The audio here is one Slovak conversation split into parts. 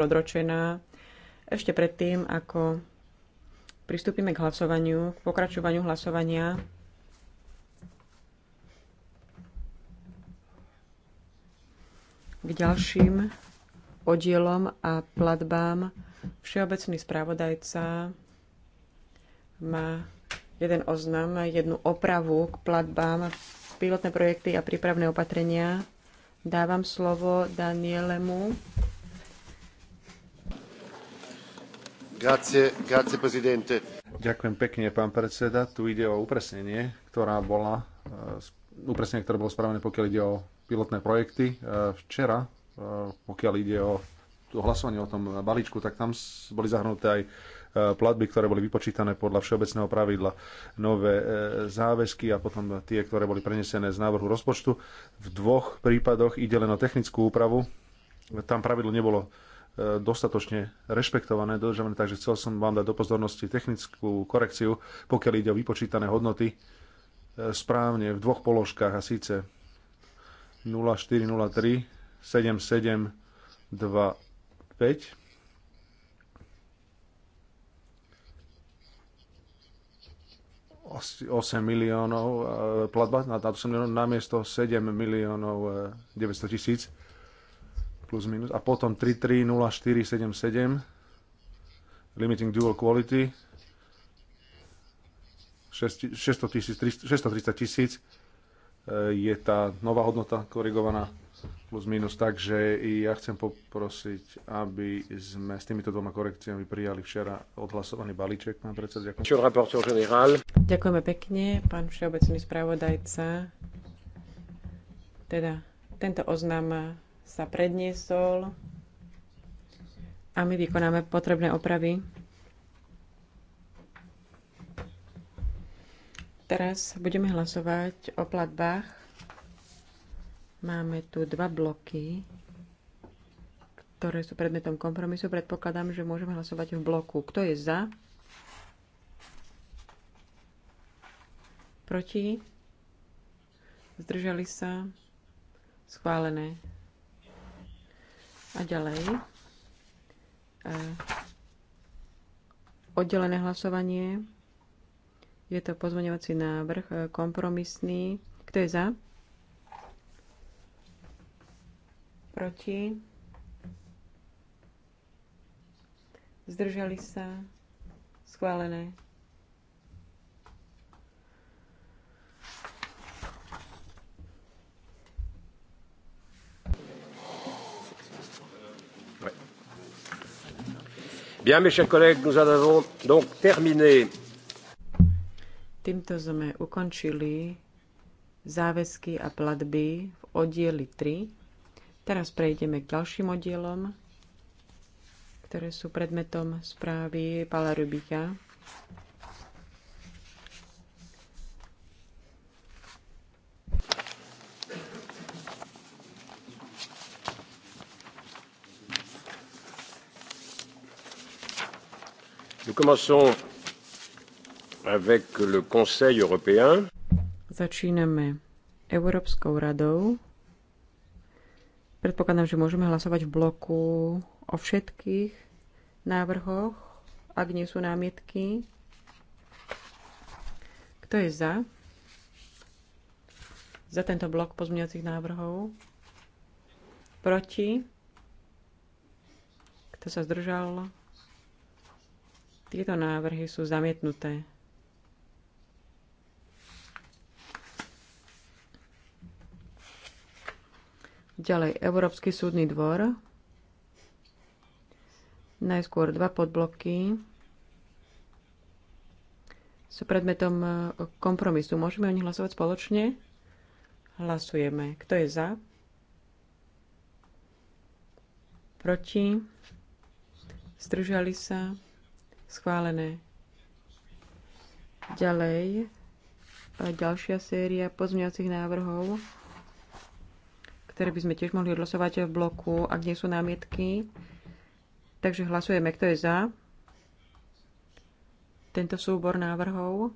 odročená ešte predtým, ako pristúpime k hlasovaniu, k pokračovaniu hlasovania. K ďalším oddielom a platbám všeobecný správodajca má jeden oznam, jednu opravu k platbám, pilotné projekty a prípravné opatrenia. Dávam slovo Danielemu. Ďakujem pekne, pán predseda. Tu ide o upresnenie, ktorá bola, eh, upresnenie, ktoré bolo spravené, pokiaľ ide o pilotné projekty. Eh, včera, eh, pokiaľ ide o to hlasovanie o tom balíčku, tak tam boli zahrnuté aj platby, ktoré boli vypočítané podľa všeobecného pravidla, nové záväzky a potom tie, ktoré boli prenesené z návrhu rozpočtu. V dvoch prípadoch ide len o technickú úpravu. Tam pravidlo nebolo E, dostatočne rešpektované, dodržané, takže chcel som vám dať do pozornosti technickú korekciu, pokiaľ ide o vypočítané hodnoty e, správne v dvoch položkách a síce 0403 7725 8 miliónov e, platba na 8 miliónov namiesto 7 miliónov 900 tisíc plus minus. A potom 330477, limiting dual quality, 630 tisíc e, je tá nová hodnota korigovaná plus minus, takže ja chcem poprosiť, aby sme s týmito dvoma korekciami prijali včera odhlasovaný balíček, pán predseda. Ďakujem. Ďakujeme pekne, pán všeobecný spravodajca. Teda tento oznam sa predniesol a my vykonáme potrebné opravy. Teraz budeme hlasovať o platbách. Máme tu dva bloky, ktoré sú predmetom kompromisu. Predpokladám, že môžeme hlasovať v bloku. Kto je za? Proti? Zdržali sa? Schválené. A ďalej. E, oddelené hlasovanie. Je to pozmeňovací návrh, e, kompromisný. Kto je za? Proti? Zdržali sa? Schválené. Bien, mes chers collègues, nous en avons donc terminé. Týmto sme ukončili záväzky a platby v oddieli 3. Teraz prejdeme k ďalším oddielom, ktoré sú predmetom správy Pala Rubika. Nous commençons avec le Conseil européen. Začíname Európskou radou. Predpokladám, že môžeme hlasovať v bloku o všetkých návrhoch, ak nie sú námietky. Kto je za? Za tento blok pozmeňovacích návrhov? Proti? Kto sa zdržal? Tieto návrhy sú zamietnuté. Ďalej, Európsky súdny dvor. Najskôr dva podbloky sú predmetom kompromisu. Môžeme o nich hlasovať spoločne? Hlasujeme. Kto je za? Proti? Zdržali sa? Schválené. Ďalej, ďalšia séria pozmeňovacích návrhov, ktoré by sme tiež mohli odhlasovať v bloku, ak nie sú námietky. Takže hlasujeme, kto je za tento súbor návrhov.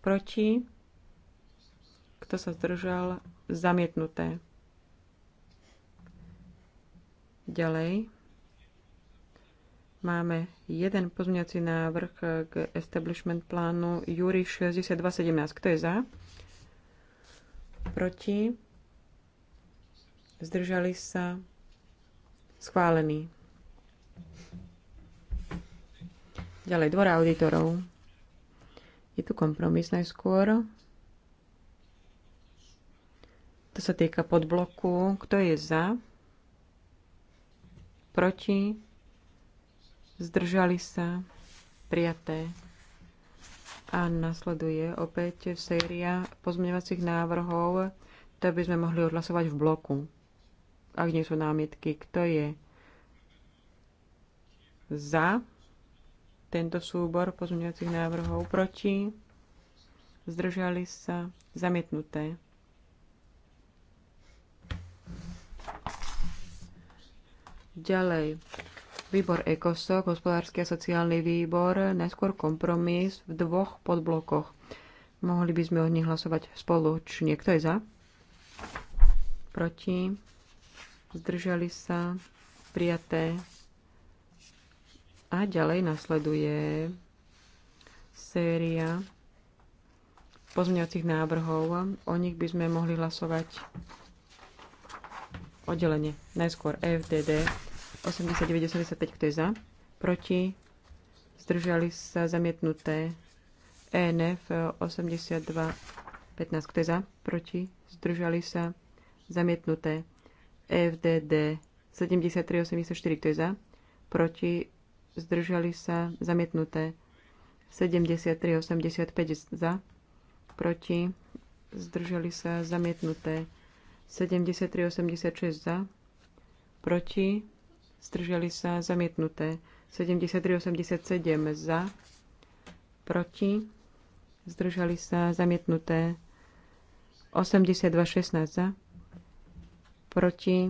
Proti? Kto sa zdržal? Zamietnuté. Ďalej. Máme jeden pozmeňovací návrh k establishment plánu Júri 6217. Kto je za? Proti? Zdržali sa? Schválený. Ďalej, dvora auditorov. Je tu kompromis najskôr. To sa týka podbloku. Kto je za? Proti? zdržali sa, prijaté. A nasleduje opäť séria pozmeňovacích návrhov, to by sme mohli odhlasovať v bloku. Ak nie sú námietky, kto je za tento súbor pozmeňovacích návrhov, proti, zdržali sa, zamietnuté. Ďalej, Výbor ECOSOC, hospodársky a sociálny výbor, najskôr kompromis v dvoch podblokoch. Mohli by sme o nich hlasovať spoločne. Kto je za? Proti? Zdržali sa? Prijaté? A ďalej nasleduje séria pozmeňovacích návrhov. O nich by sme mohli hlasovať oddelenie. Najskôr FDD 89, 85, kto je za? Proti? Zdržali sa zamietnuté. ENF 82, 15, kto je za? Proti? Zdržali sa zamietnuté. FDD 73, 84, kto je za? Proti? Zdržali sa zamietnuté. 73, 85 za. Proti? Zdržali sa zamietnuté. 73, 86 za. Proti? zdržali sa zamietnuté. 73-87 za, proti, zdržali sa zamietnuté. 82-16 za, proti,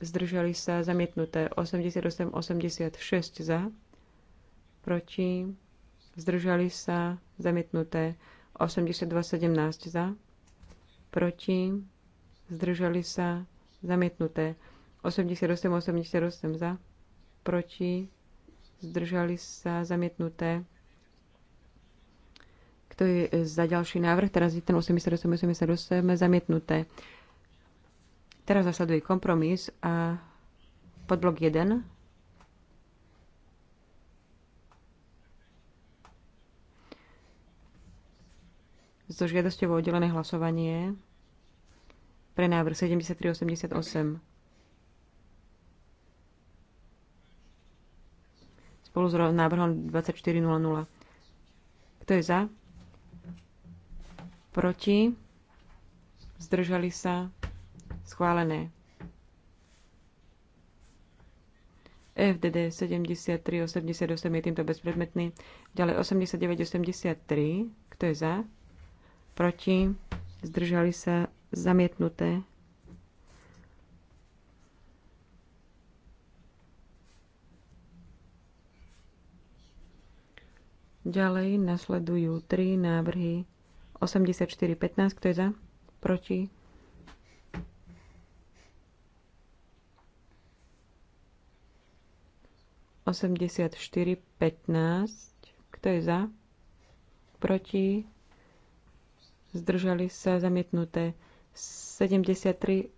zdržali sa zamietnuté. 88-86 za, proti, zdržali sa zamietnuté. 82-17 za, proti, zdržali sa zamietnuté. 88, 88 za, proti, zdržali sa zamietnuté. Kto je e, za ďalší návrh? Teraz je ten 88, 88 zamietnuté. Teraz zasleduje kompromis a podblok 1. So žiadosťou o oddelené hlasovanie pre návrh 7388. spolu s návrhom 2400. Kto je za? Proti? Zdržali sa? Schválené. FDD 73, 88 je týmto bezpredmetný. Ďalej 89, 83. Kto je za? Proti? Zdržali sa? Zamietnuté. Ďalej nasledujú tri návrhy 84 15, kto je za, proti. Osemdesiat štyri, pätnásť. Kto je za? Proti? Zdržali sa zamietnuté. Sedemdesiat tri,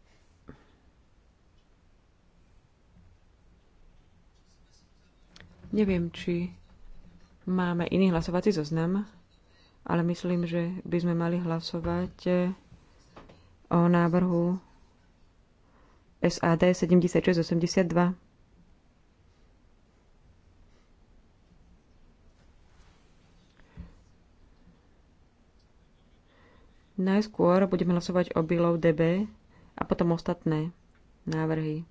Neviem, či Máme iný hlasovací zoznam, ale myslím, že by sme mali hlasovať e, o návrhu SAD 7682. Najskôr budeme hlasovať o bilov DB a potom ostatné návrhy.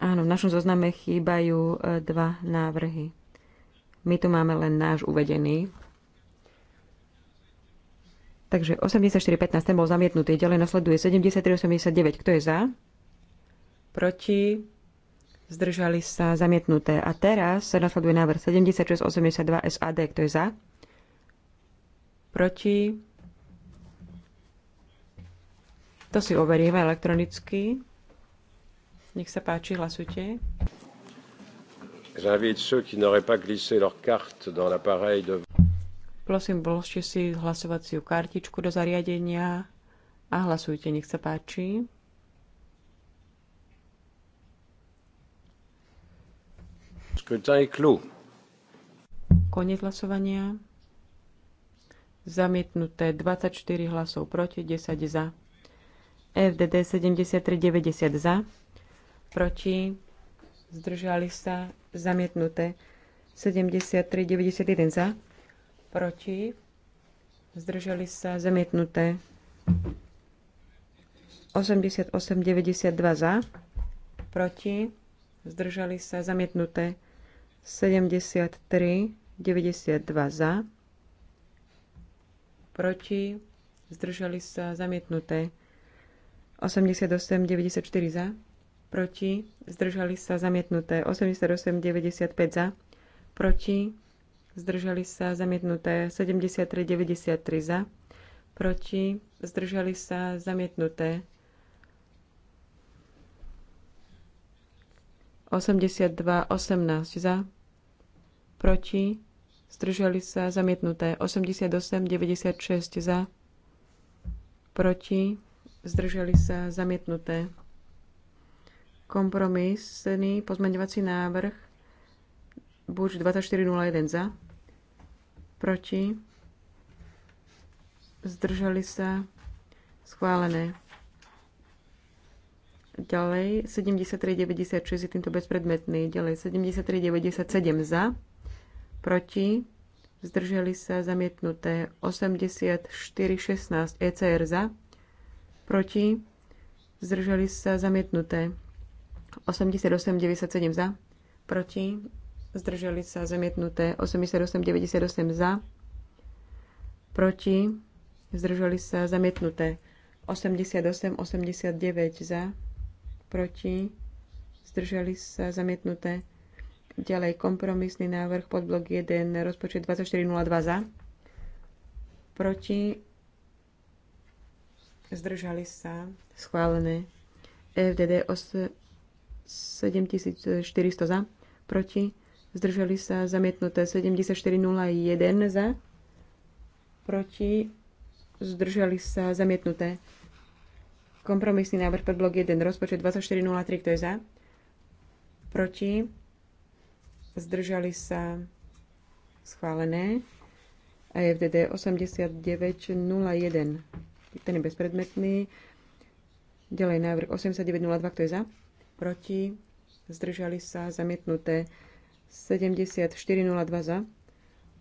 Áno, v našom zozname chýbajú e, dva návrhy. My tu máme len náš uvedený. Takže 84.15 ten bol zamietnutý. Ďalej nasleduje 73.89. Kto je za? Proti? Zdržali sa zamietnuté. A teraz sa nasleduje návrh 76.82 SAD. Kto je za? Proti? To si overíme elektronicky. Nech sa páči, hlasujte. Prosím, vložte si hlasovaciu kartičku do zariadenia a hlasujte, nech sa páči. Scrutin est Konec hlasovania. Zamietnuté 24 hlasov proti, 10 za. FDD 73, 90 za proti, zdržali sa, zamietnuté. 73, 91 za, proti, zdržali sa, zamietnuté. 88, 92 za, proti, zdržali sa, zamietnuté. 73, 92 za, proti, zdržali sa, zamietnuté. 88, 94 za, proti, zdržali sa zamietnuté 88, 95 za, proti, zdržali sa zamietnuté 73, 93 za, proti, zdržali sa zamietnuté 82, 18 za, proti, zdržali sa zamietnuté 88, 96 za, proti, zdržali sa zamietnuté Kompromisný pozmeňovací návrh buď 2401 za, proti, zdržali sa, schválené. Ďalej 73,96 je týmto bezpredmetný. Ďalej 73,97 za, proti, zdržali sa zamietnuté 84,16 ECR za, proti, zdržali sa zamietnuté 88,97 za, proti, zdržali sa zamietnuté 88,98 za, proti, zdržali sa zamietnuté 88,89 za, proti, zdržali sa zamietnuté ďalej kompromisný návrh pod blok 1 rozpočet 2402 za, proti, zdržali sa schválené FDD e 8, 7400 za, proti, zdržali sa zamietnuté 7401 za, proti, zdržali sa zamietnuté. Kompromisný návrh pre blok 1, rozpočet 2403, kto je za, proti, zdržali sa schválené. AFDD 8901, ten je bezpredmetný. Ďalej návrh 8902, kto je za? proti, zdržali sa zamietnuté 7402 za,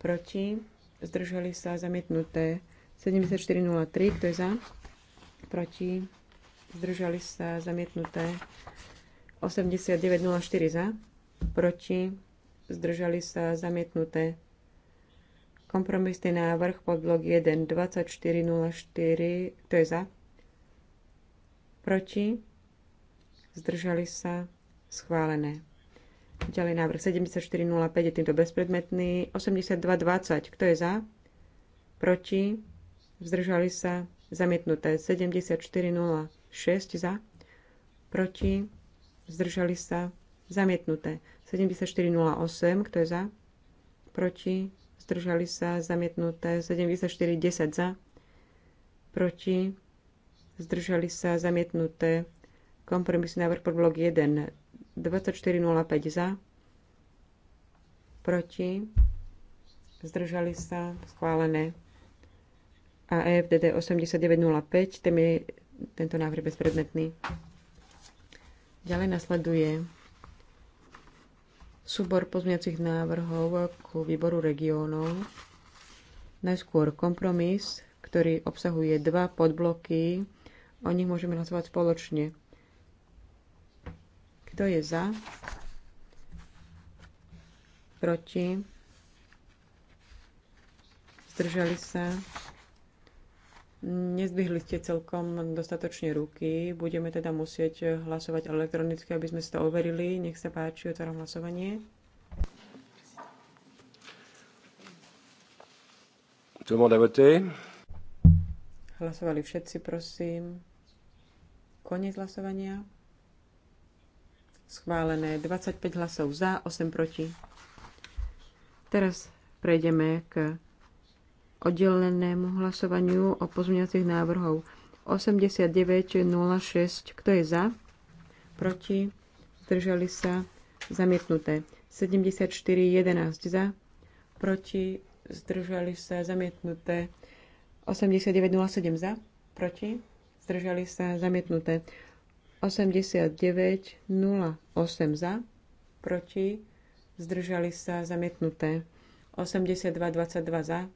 proti, zdržali sa zamietnuté 7403, kto je za, proti, zdržali sa zamietnuté 8904 za, proti, zdržali sa zamietnuté kompromisný návrh pod blok 1 2404, kto je za, proti, zdržali sa, schválené. Ďalej návrh 74.05 je týmto bezpredmetný. 82.20, kto je za? Proti? Zdržali sa? Zamietnuté. 74.06 za? Proti? Zdržali sa? Zamietnuté. 74.08, kto je za? Proti? Zdržali sa? Zamietnuté. 74.10 za? Proti? Zdržali sa? Zamietnuté. Kompromisný návrh blok 1. 24.05 za. Proti. Zdržali sa. Schválené. A EFDD 89.05. Ten je tento návrh bezpredmetný. Ďalej nasleduje súbor pozmiacich návrhov ku výboru regiónov. Najskôr kompromis, ktorý obsahuje dva podbloky. O nich môžeme hlasovať spoločne. Kto je za? Proti? Zdržali sa? Nezdvihli ste celkom dostatočne ruky. Budeme teda musieť hlasovať elektronicky, aby sme si to overili. Nech sa páči, otváram hlasovanie. Hlasovali všetci, prosím. Koniec hlasovania. Schválené 25 hlasov za, 8 proti. Teraz prejdeme k oddelenému hlasovaniu o pozmeňovacích návrhov 89.06. Kto je za? Proti? Zdržali sa? Zamietnuté. 74.11 za? Proti? Zdržali sa? Zamietnuté. 89.07 za? Proti? Zdržali sa? Zamietnuté. 89 08 za, proti, zdržali sa zamietnuté. 82 22 za,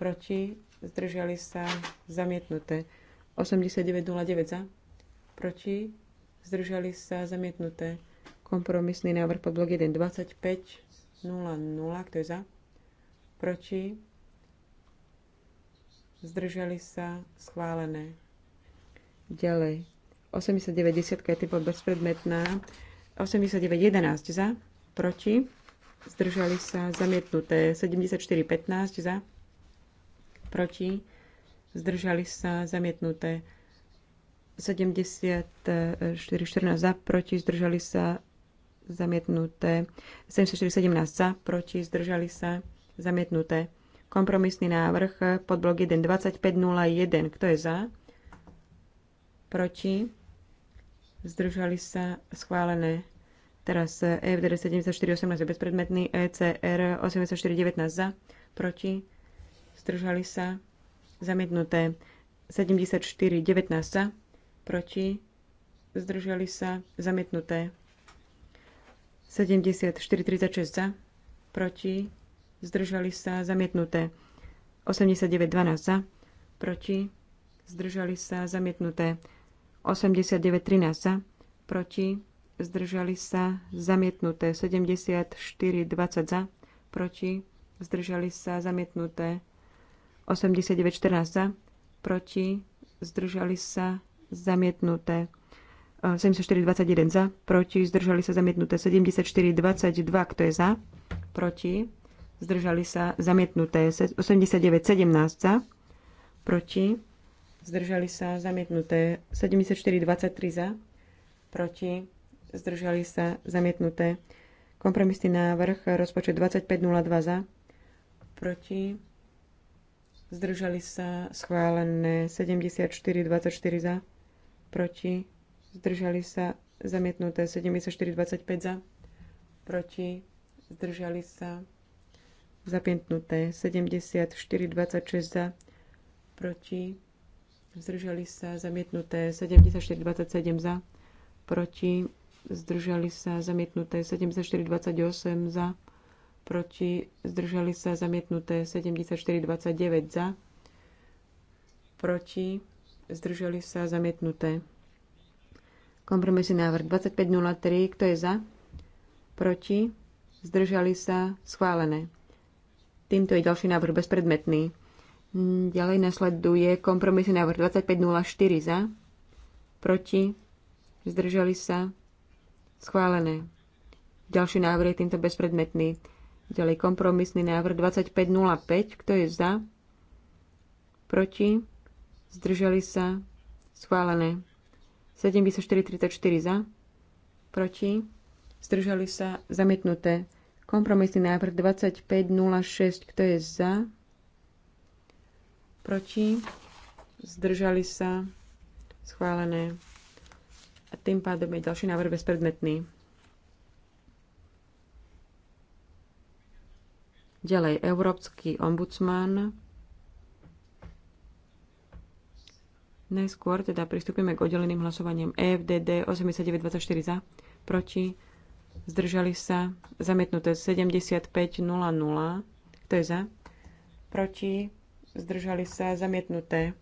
proti, zdržali sa zamietnuté. 89 09 za, proti, zdržali sa zamietnuté. Kompromisný návrh pod blok 1 25 00, kto je za, proti, zdržali sa schválené. Ďalej. 89.10 je typo bezpredmetná. 89.11 za, proti, zdržali sa zamietnuté. 74.15 za, proti, zdržali sa zamietnuté. 74.14 za, proti, zdržali sa zamietnuté. 74.17 za, proti, zdržali sa zamietnuté. Kompromisný návrh pod blok 1.25.01. Kto je za? proti, zdržali sa schválené. Teraz EFDR 7418 je bezpredmetný, ECR 8419 za, proti, zdržali sa zamietnuté. 7419 za, proti, zdržali sa zamietnuté. 7436 za, proti, zdržali sa zamietnuté. 8912 za, proti, zdržali sa zamietnuté. 89.13 za, proti, zdržali sa, zamietnuté 74.20 za, proti, zdržali sa, zamietnuté 89.14 za, proti, zdržali sa, zamietnuté 74.21 e, za, proti, zdržali sa, zamietnuté 74.22, kto je za, proti, zdržali sa, zamietnuté 89.17 za, proti, zdržali sa, zamietnuté. 74 23 za, proti, zdržali sa, zamietnuté. Kompromisný návrh, rozpočet 25-02 za, proti, zdržali sa, schválené. 74, 24 za, proti, zdržali sa, zamietnuté. 74, 25 za, proti, zdržali sa, 74, 26 za, proti, zdržali sa zamietnuté 74, 27 za, proti zdržali sa zamietnuté 74, 28 za, proti zdržali sa zamietnuté 74 29 za, proti zdržali sa zamietnuté. Kompromisný návrh 2503, kto je za? Proti? Zdržali sa? Schválené. Týmto je ďalší návrh bezpredmetný. Ďalej nasleduje kompromisný návrh 2504 za, proti, zdržali sa, schválené. Ďalší návrh je týmto bezpredmetný. Ďalej kompromisný návrh 2505, kto je za, proti, zdržali sa, schválené. 7434 za, proti, zdržali sa, zamietnuté. Kompromisný návrh 2506, kto je za, proti, zdržali sa, schválené. A tým pádom je ďalší návrh bezpredmetný. Ďalej, Európsky ombudsman. Najskôr teda pristúpime k oddeleným hlasovaniem EFDD 8924 za, proti, zdržali sa, zamietnuté 7500, kto je za, proti, zdržali sa zamietnuté.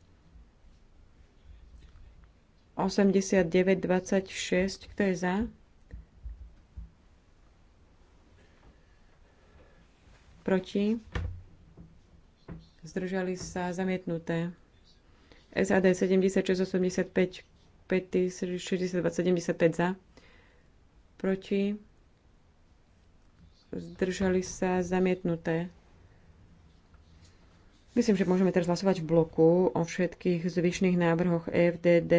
89,26, kto je za? Proti? Zdržali sa zamietnuté. SAD 76,85, 75 za. Proti? Zdržali sa zamietnuté. Myslím, že môžeme teraz hlasovať v bloku o všetkých zvyšných návrhoch FDD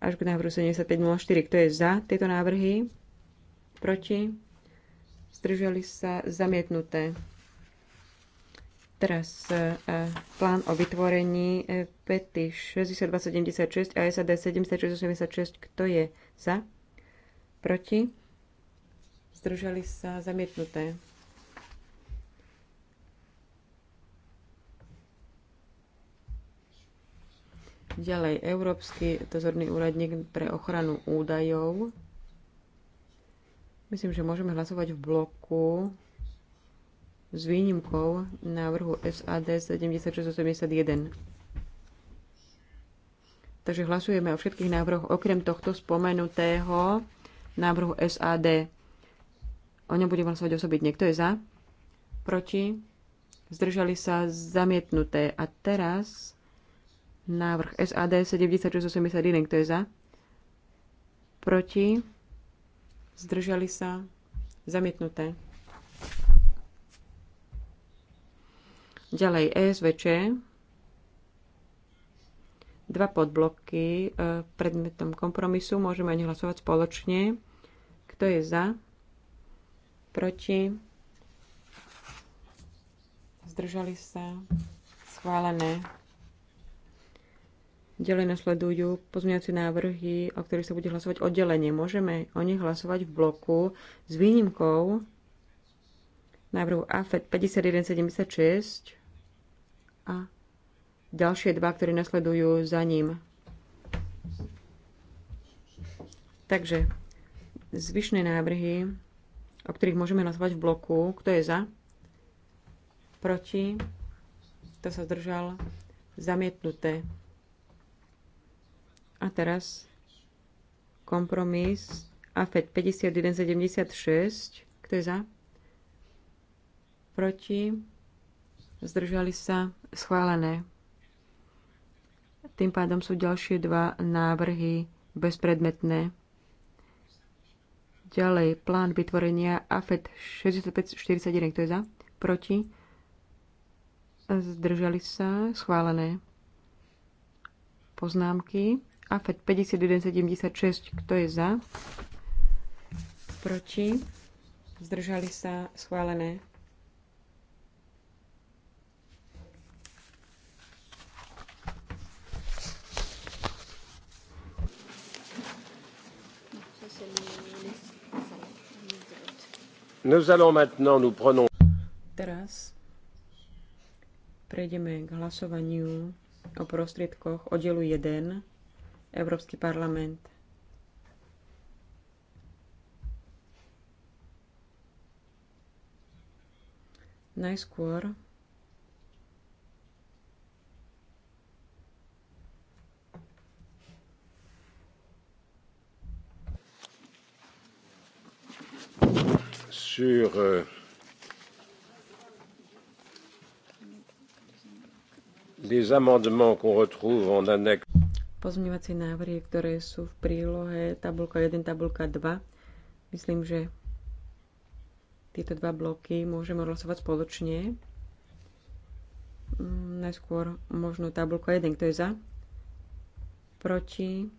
až k návrhu 7504. Kto je za tieto návrhy? Proti? Zdržali sa zamietnuté. Teraz e, plán o vytvorení e, PETI 6276 a SAD 7686. Kto je za? Proti? Zdržali sa zamietnuté. Ďalej, Európsky dozorný úradník pre ochranu údajov. Myslím, že môžeme hlasovať v bloku s výnimkou návrhu SAD 7681. Takže hlasujeme o všetkých návrhoch okrem tohto spomenutého návrhu SAD. O ňom budem hlasovať osobitne. Kto je za? Proti? Zdržali sa zamietnuté. A teraz Návrh SAD 7681, kto je za? Proti? Zdržali sa? Zamietnuté. Ďalej ESVČ. Dva podbloky e, predmetom kompromisu. Môžeme ani hlasovať spoločne. Kto je za? Proti? Zdržali sa? Schválené. Ďalej nasledujú pozmeňovacie návrhy, o ktorých sa bude hlasovať oddelenie. Môžeme o nich hlasovať v bloku s výnimkou návrhu AFED e 5176 a ďalšie dva, ktoré nasledujú za ním. Takže zvyšné návrhy, o ktorých môžeme hlasovať v bloku, kto je za? Proti? Kto sa zdržal? Zamietnuté. A teraz kompromis AFED 5176. Kto je za? Proti? Zdržali sa? Schválené. Tým pádom sú ďalšie dva návrhy bezpredmetné. Ďalej, plán vytvorenia AFED 6541. Kto je za? Proti? Zdržali sa? Schválené. Poznámky. A 5176, kto je za? Proti? Zdržali sa schválené. Nous allons maintenant nous prenons... Teraz prejdeme k hlasovaniu o prostriedkoch oddelu 1 Európsky parlament. Najskôr sur euh, les amendements qu'on retrouve en annexe pozmeňovacie návrhy, ktoré sú v prílohe tabulka 1, tabulka 2. Myslím, že tieto dva bloky môžeme hlasovať spoločne. Mm, najskôr možno tabulka 1, kto je za, proti,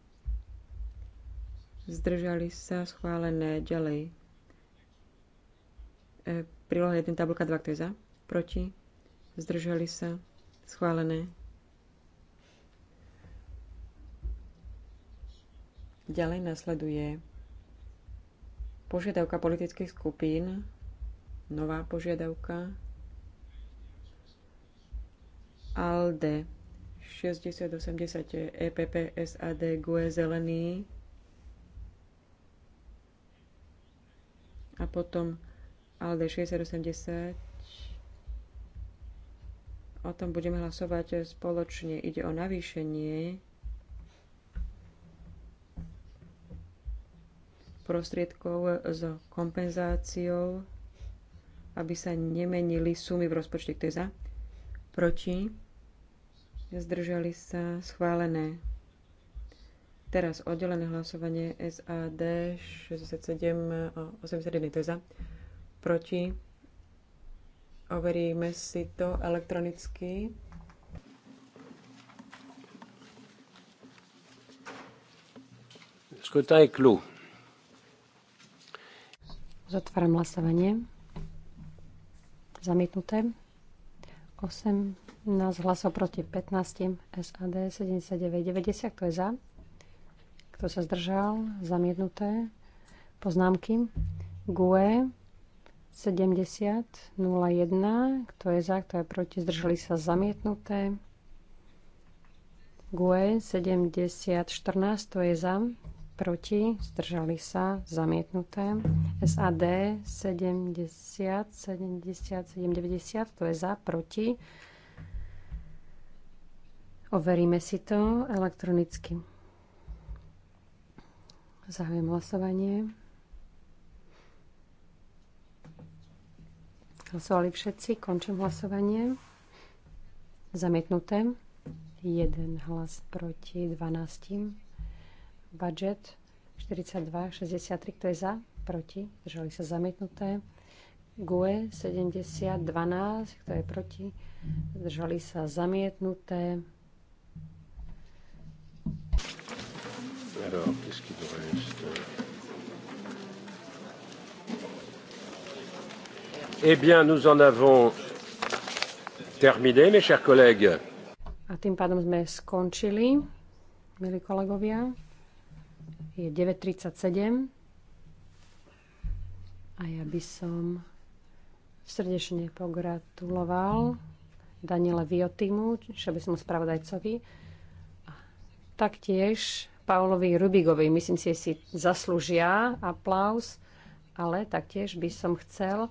zdržali sa, schválené ďalej. E, príloha 1, tabulka 2, kto je za, proti, zdržali sa, schválené Ďalej nasleduje požiadavka politických skupín, nová požiadavka ALDE 6080 EPP SAD GUE Zelený a potom ALDE 6080 o tom budeme hlasovať spoločne. Ide o navýšenie prostriedkov s kompenzáciou, aby sa nemenili sumy v rozpočte. Kto je za? Proti? Zdržali sa schválené. Teraz oddelené hlasovanie SAD 67 81. To je za? Proti? Overíme si to elektronicky. Scrutin est clos. Zatváram hlasovanie. Zamietnuté. 18 hlasov proti 15. SAD 79, 90. Kto je za? Kto sa zdržal? Zamietnuté. Poznámky. GUE 70 01. Kto je za? Kto je proti? Zdržali sa zamietnuté. GUE 7014, to je za, proti, zdržali sa, zamietnuté. SAD 70, 70, 790, to je za, proti. Overíme si to elektronicky. Zahajujem hlasovanie. Hlasovali všetci, končím hlasovanie. Zamietnuté. Jeden hlas proti 12 budget 42-63, kto je za, proti, držali sa zamietnuté. GUE 70-12, kto je proti, držali sa zamietnuté. Eh. eh bien, nous en avons terminé, mes chers collègues. A tým pádom sme skončili, milí kolegovia. Je 9.37 a ja by som srdečne pogratuloval Daniela Viotimu, som spravodajcovi, a taktiež Paulovi Rubigovi. Myslím si, že si zaslúžia aplaus, ale taktiež by som chcel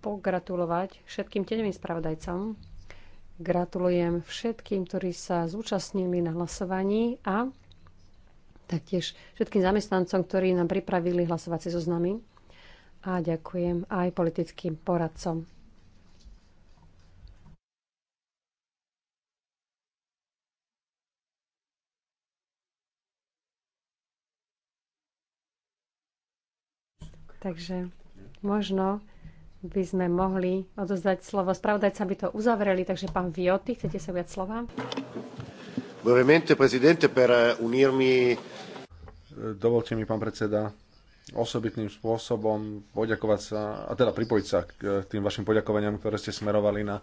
pogratulovať všetkým tenovým spravodajcom. Gratulujem všetkým, ktorí sa zúčastnili na hlasovaní a taktiež všetkým zamestnancom, ktorí nám pripravili hlasovacie zoznamy. a ďakujem aj politickým poradcom. Takže možno by sme mohli odozdať slovo. Spravodajca by to uzavreli, takže pán Vioty, chcete sa viac slova? Brevemente, prezidente, per unirmi Dovolte mi, pán predseda, osobitným spôsobom poďakovať sa, a teda pripojiť sa k e, tým vašim poďakovaniam, ktoré ste smerovali na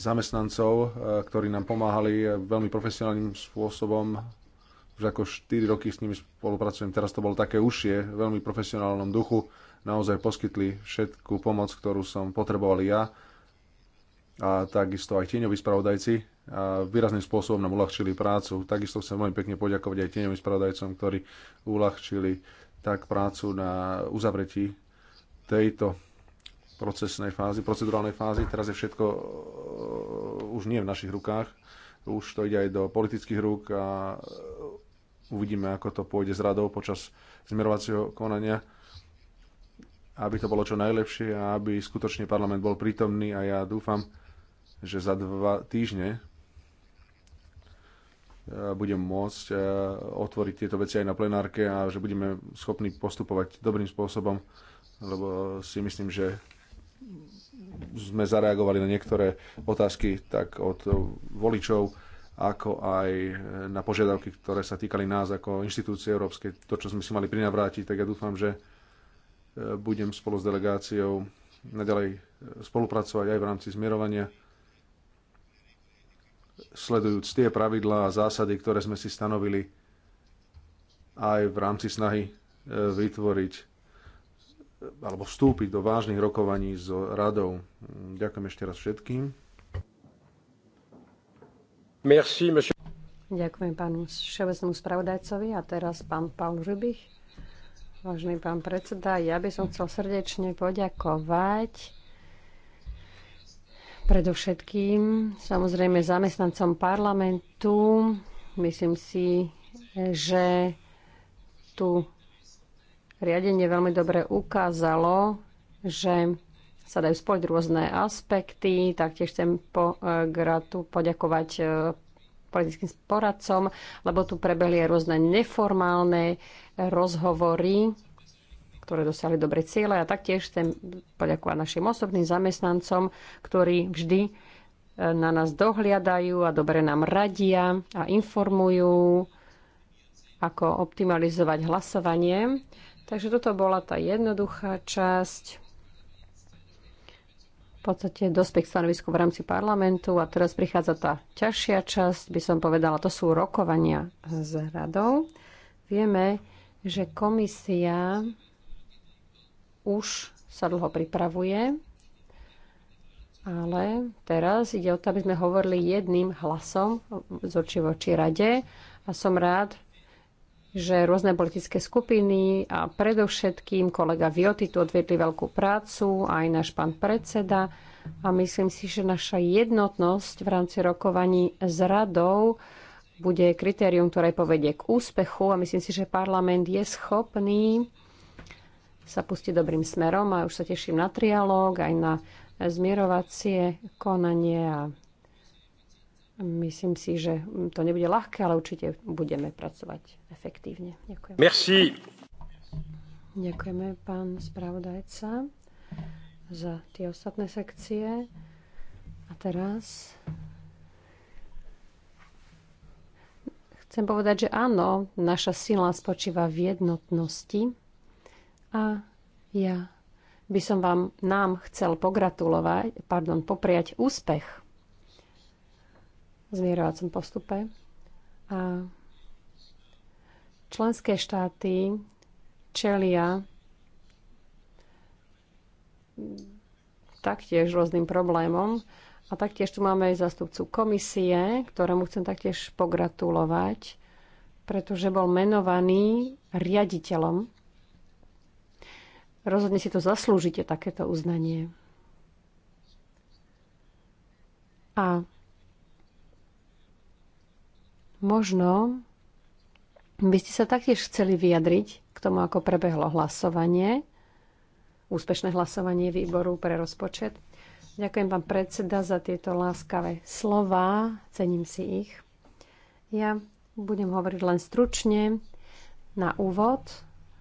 zamestnancov, e, ktorí nám pomáhali e, veľmi profesionálnym spôsobom. Už ako 4 roky s nimi spolupracujem, teraz to bolo také užšie, veľmi profesionálnom duchu. Naozaj poskytli všetku pomoc, ktorú som potreboval ja a takisto aj tieňoví spravodajci a výrazným spôsobom nám uľahčili prácu. Takisto chcem veľmi pekne poďakovať aj tieňovým spravodajcom, ktorí uľahčili tak prácu na uzavretí tejto procesnej fázy, procedurálnej fázy. Teraz je všetko e, už nie v našich rukách, už to ide aj do politických rúk a uvidíme, ako to pôjde s radou počas zmerovacieho konania aby to bolo čo najlepšie a aby skutočne parlament bol prítomný a ja dúfam, že za dva týždne e, budem môcť e, otvoriť tieto veci aj na plenárke a že budeme schopní postupovať dobrým spôsobom, lebo si myslím, že sme zareagovali na niektoré otázky tak od voličov, ako aj na požiadavky, ktoré sa týkali nás ako inštitúcie európskej. To, čo sme si mali prinavrátiť, tak ja dúfam, že e, budem spolu s delegáciou naďalej spolupracovať aj v rámci zmierovania sledujúc tie pravidlá a zásady, ktoré sme si stanovili aj v rámci snahy e, vytvoriť alebo vstúpiť do vážnych rokovaní s radou. Ďakujem ešte raz všetkým. Merci, monsieur. Ďakujem pánu Ševesnému spravodajcovi a teraz pán Paul Žubich. Vážený pán predseda, ja by som chcel srdečne poďakovať Predovšetkým, samozrejme, zamestnancom parlamentu. Myslím si, že tu riadenie veľmi dobre ukázalo, že sa dajú spojiť rôzne aspekty. Taktiež chcem po e, gratu poďakovať e, politickým poradcom, lebo tu prebehli aj rôzne neformálne rozhovory ktoré dosiahli dobre ciele a taktiež chcem poďakovať našim osobným zamestnancom, ktorí vždy e, na nás dohliadajú a dobre nám radia a informujú, ako optimalizovať hlasovanie. Takže toto bola tá jednoduchá časť. V podstate dospech stanovisku v rámci parlamentu a teraz prichádza tá ťažšia časť, by som povedala, to sú rokovania s radou. Vieme, že komisia už sa dlho pripravuje, ale teraz ide o to, aby sme hovorili jedným hlasom z oči voči rade a som rád, že rôzne politické skupiny a predovšetkým kolega Vioty tu odvedli veľkú prácu, aj náš pán predseda a myslím si, že naša jednotnosť v rámci rokovaní s radou bude kritérium, ktoré povedie k úspechu a myslím si, že parlament je schopný sa pustí dobrým smerom a už sa teším na trialóg, aj na zmierovacie konanie a myslím si, že to nebude ľahké, ale určite budeme pracovať efektívne. Ďakujem. Merci. Ďakujeme, pán spravodajca, za tie ostatné sekcie. A teraz chcem povedať, že áno, naša sila spočíva v jednotnosti a ja by som vám nám chcel pogratulovať, pardon, popriať úspech v zmierovacom postupe. A členské štáty čelia taktiež rôznym problémom. A taktiež tu máme aj zastupcu komisie, ktorému chcem taktiež pogratulovať, pretože bol menovaný riaditeľom Rozhodne si to zaslúžite, takéto uznanie. A možno by ste sa taktiež chceli vyjadriť k tomu, ako prebehlo hlasovanie, úspešné hlasovanie výboru pre rozpočet. Ďakujem vám, predseda za tieto láskavé slova, cením si ich. Ja budem hovoriť len stručne. Na úvod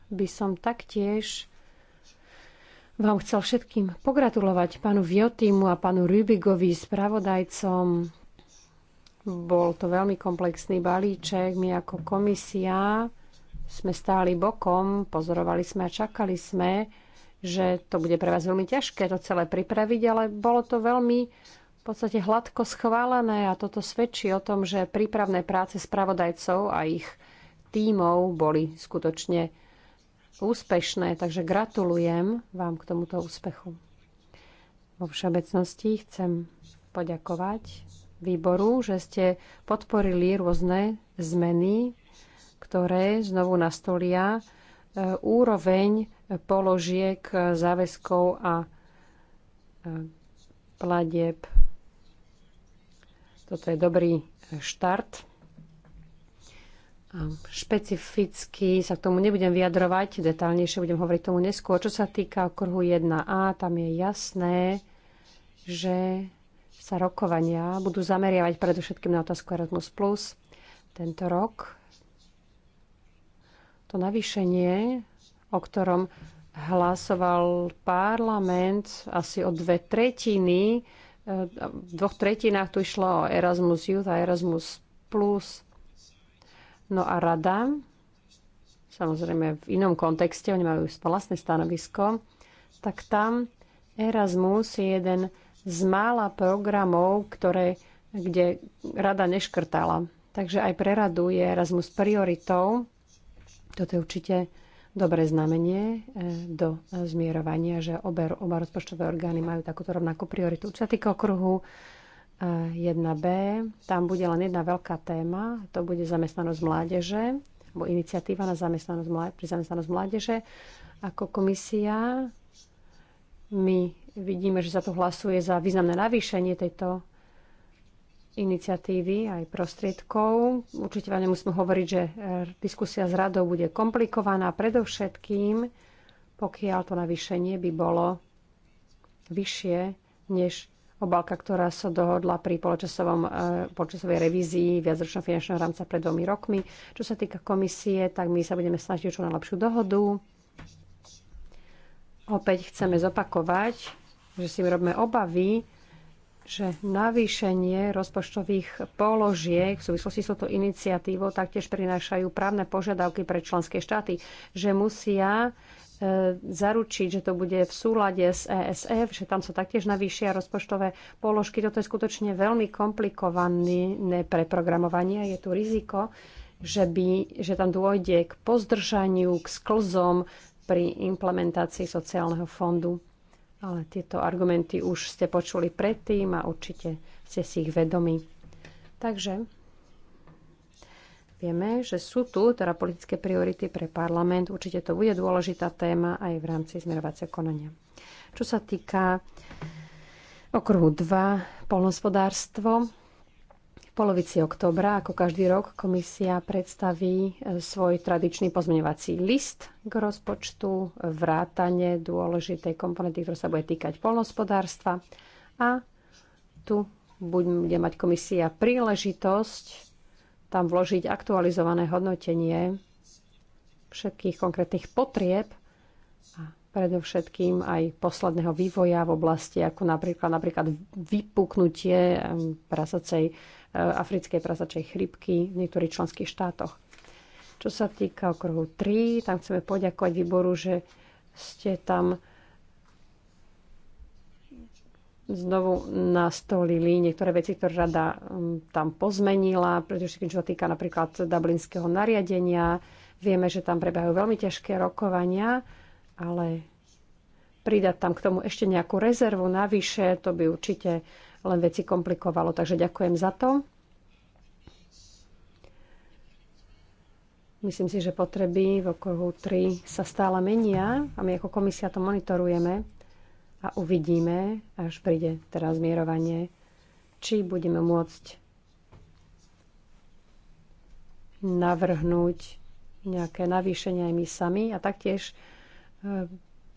by som taktiež vám chcel všetkým pogratulovať pánu Viotimu a pánu Rubigovi, spravodajcom. Bol to veľmi komplexný balíček. My ako komisia sme stáli bokom, pozorovali sme a čakali sme, že to bude pre vás veľmi ťažké to celé pripraviť, ale bolo to veľmi v podstate hladko schválené a toto svedčí o tom, že prípravné práce spravodajcov a ich tímov boli skutočne úspešné, takže gratulujem vám k tomuto úspechu. Vo všeobecnosti chcem poďakovať výboru, že ste podporili rôzne zmeny, ktoré znovu nastolia e, úroveň položiek e, záväzkov a e, pladeb. Toto je dobrý štart Ehm, špecificky sa k tomu nebudem vyjadrovať, detálnejšie budem hovoriť tomu neskôr. Čo sa týka okruhu 1a, tam je jasné, že sa rokovania budú zameriavať predovšetkým na otázku Erasmus+. plus, Tento rok to navýšenie, o ktorom hlasoval parlament asi o dve tretiny, eh, v dvoch tretinách tu išlo o Erasmus Youth a Erasmus Plus No a rada, samozrejme v inom kontexte, oni majú vlastné stanovisko, tak tam Erasmus je jeden z mála programov, ktoré, kde rada neškrtala. Takže aj pre radu je Erasmus prioritou. Toto je určite dobré znamenie eh, do zmierovania, že obe, oba rozpočtové orgány majú takúto rovnakú prioritu. Čo sa týka okruhu 1B, tam bude len jedna veľká téma, to bude zamestnanosť mládeže, alebo iniciatíva na zamestnanosť mládeže, pri zamestnanosť mládeže. Ako komisia my vidíme, že sa tu hlasuje za významné navýšenie tejto iniciatívy aj prostriedkov. Určite vám nemusím hovoriť, že e, diskusia s radou bude komplikovaná, predovšetkým pokiaľ to navýšenie by bolo vyššie než obálka, ktorá sa dohodla pri počasovej e, revízii viacročného finančného rámca pred dvomi rokmi. Čo sa týka komisie, tak my sa budeme snažiť o čo najlepšiu dohodu. Opäť chceme zopakovať, že si robíme obavy, že navýšenie rozpočtových položiek v súvislosti s touto iniciatívou taktiež prinášajú právne požiadavky pre členské štáty, že musia zaručiť, že to bude v súlade s ESF, že tam sa taktiež navýšia rozpočtové položky. Toto je skutočne veľmi komplikované preprogramovanie. Je tu riziko, že, by, že tam dôjde k pozdržaniu, k sklzom pri implementácii sociálneho fondu. Ale tieto argumenty už ste počuli predtým a určite ste si ich vedomi. Takže Vieme, že sú tu teda politické priority pre parlament. Určite to bude dôležitá téma aj v rámci zmerovacieho konania. Čo sa týka okruhu 2, polnospodárstvo, v polovici oktobra, ako každý rok, komisia predstaví e, svoj tradičný pozmeňovací list k rozpočtu, vrátane dôležitej komponenty, ktorá sa bude týkať polnospodárstva. A tu bude mať komisia príležitosť tam vložiť aktualizované hodnotenie všetkých konkrétnych potrieb a predovšetkým aj posledného vývoja v oblasti, ako napríklad, napríklad vypuknutie prasacej, e, africkej prasačej chrypky v niektorých členských štátoch. Čo sa týka okruhu 3, tam chceme poďakovať výboru, že ste tam znovu nastolili niektoré veci, ktoré rada um, tam pozmenila, pretože čo sa týka napríklad dublinského nariadenia, vieme, že tam prebehajú veľmi ťažké rokovania, ale pridať tam k tomu ešte nejakú rezervu navyše, to by určite len veci komplikovalo. Takže ďakujem za to. Myslím si, že potreby v okruhu 3 sa stále menia a my ako komisia to monitorujeme a uvidíme, až príde teraz zmierovanie, či budeme môcť navrhnúť nejaké navýšenie aj my sami a taktiež e,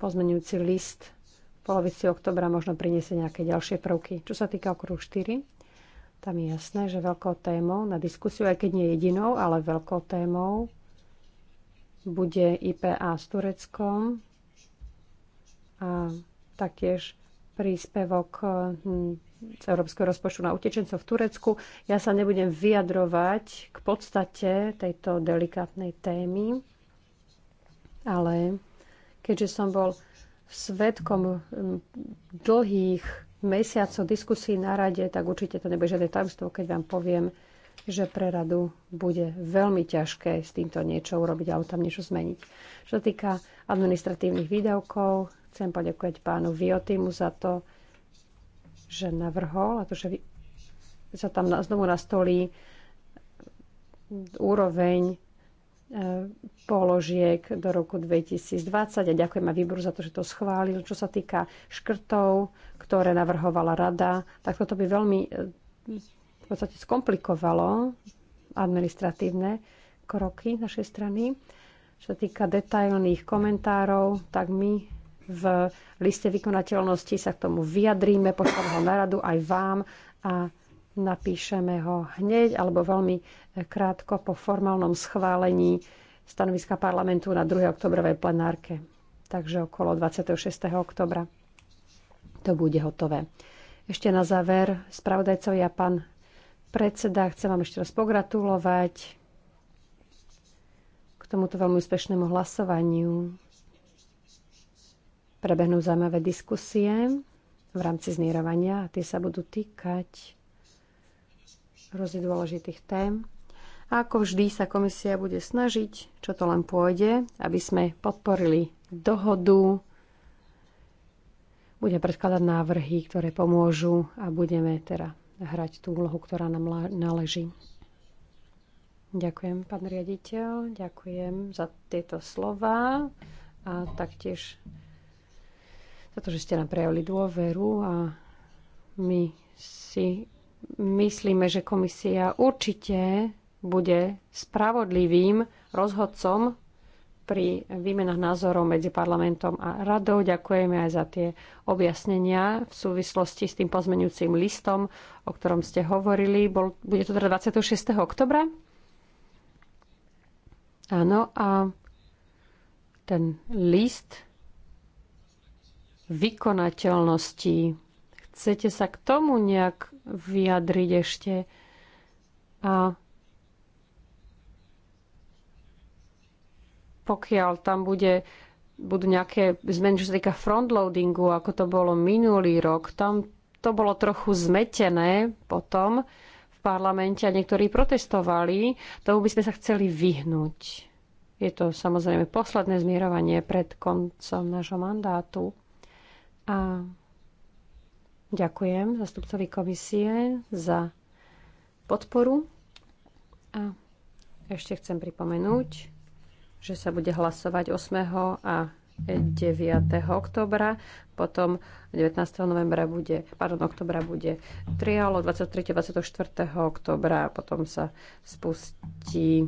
pozmenujúci list v polovici oktobra možno priniesie nejaké ďalšie prvky. Čo sa týka okruh 4, tam je jasné, že veľkou témou na diskusiu, aj keď nie jedinou, ale veľkou témou bude IPA s Tureckom a taktiež príspevok eh, z Európskeho rozpočtu na utečencov v Turecku. Ja sa nebudem vyjadrovať k podstate tejto delikátnej témy, ale keďže som bol svetkom dlhých mesiacov diskusí na rade, tak určite to nebude žiadne tajomstvo, keď vám poviem, že pre radu bude veľmi ťažké s týmto niečo urobiť alebo tam niečo zmeniť. Čo sa týka administratívnych výdavkov, Chcem poďakovať pánu Viotimu za to, že navrhol a to, že sa tam znovu nastolí úroveň e, položiek do roku 2020 a ďakujem a výboru za to, že to schválil. Čo sa týka škrtov, ktoré navrhovala rada, tak toto by veľmi e, v podstate skomplikovalo administratívne kroky našej strany. Čo sa týka detailných komentárov, tak my v liste vykonateľnosti sa k tomu vyjadríme, pošleme ho na radu aj vám a napíšeme ho hneď alebo veľmi krátko po formálnom schválení stanoviska parlamentu na 2. oktobrovej plenárke. Takže okolo 26. oktobra to bude hotové. Ešte na záver, spravodajcov ja pán predseda, chcem vám ešte raz pogratulovať k tomuto veľmi úspešnému hlasovaniu. Prebehnú zaujímavé diskusie v rámci znírovania a tie sa budú týkať rôznych dôležitých tém. A ako vždy sa komisia bude snažiť, čo to len pôjde, aby sme podporili dohodu, bude predkladať návrhy, ktoré pomôžu a budeme teda hrať tú úlohu, ktorá nám náleží. Ďakujem, pán riaditeľ, ďakujem za tieto slova a taktiež za to, že ste nám prejavili dôveru a my si myslíme, že komisia určite bude spravodlivým rozhodcom pri výmenách názorov medzi parlamentom a radou. Ďakujeme aj za tie objasnenia v súvislosti s tým pozmenujúcim listom, o ktorom ste hovorili. Bol, bude to teda 26. oktobra. Áno, a ten list vykonateľnosti. Chcete sa k tomu nejak vyjadriť ešte? A pokiaľ tam bude, budú nejaké zmeny, čo sa týka frontloadingu, ako to bolo minulý rok, tam to bolo trochu zmetené potom v parlamente a niektorí protestovali. Tomu by sme sa chceli vyhnúť. Je to samozrejme posledné zmierovanie pred koncom nášho mandátu. A ďakujem zastupcovi komisie za podporu. A ešte chcem pripomenúť, že sa bude hlasovať 8. a 9. oktobra, potom 19. novembra bude, pardon, oktobra bude triálo, 23. 24. oktobra, potom sa spustí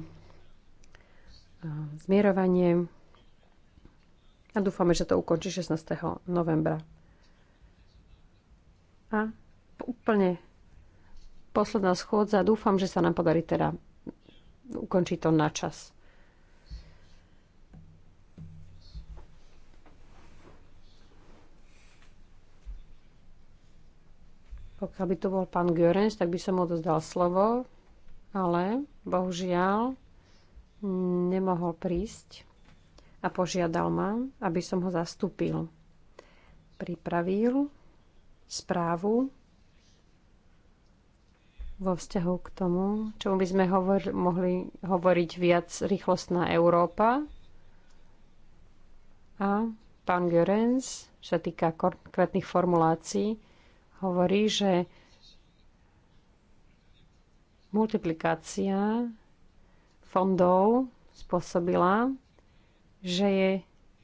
zmierovanie a dúfame, že to ukončí 16. novembra. A úplne posledná schôdza. Dúfam, že sa nám podarí teda ukončiť to na čas. Pokiaľ by tu bol pán Görens, tak by som mu dozdal slovo, ale bohužiaľ nemohol prísť a požiadal ma, aby som ho zastúpil. Pripravil správu vo vzťahu k tomu, čomu by sme hovor- mohli hovoriť viac rýchlostná Európa. A pán Görens, čo sa týka konkrétnych formulácií, hovorí, že multiplikácia fondov spôsobila, že je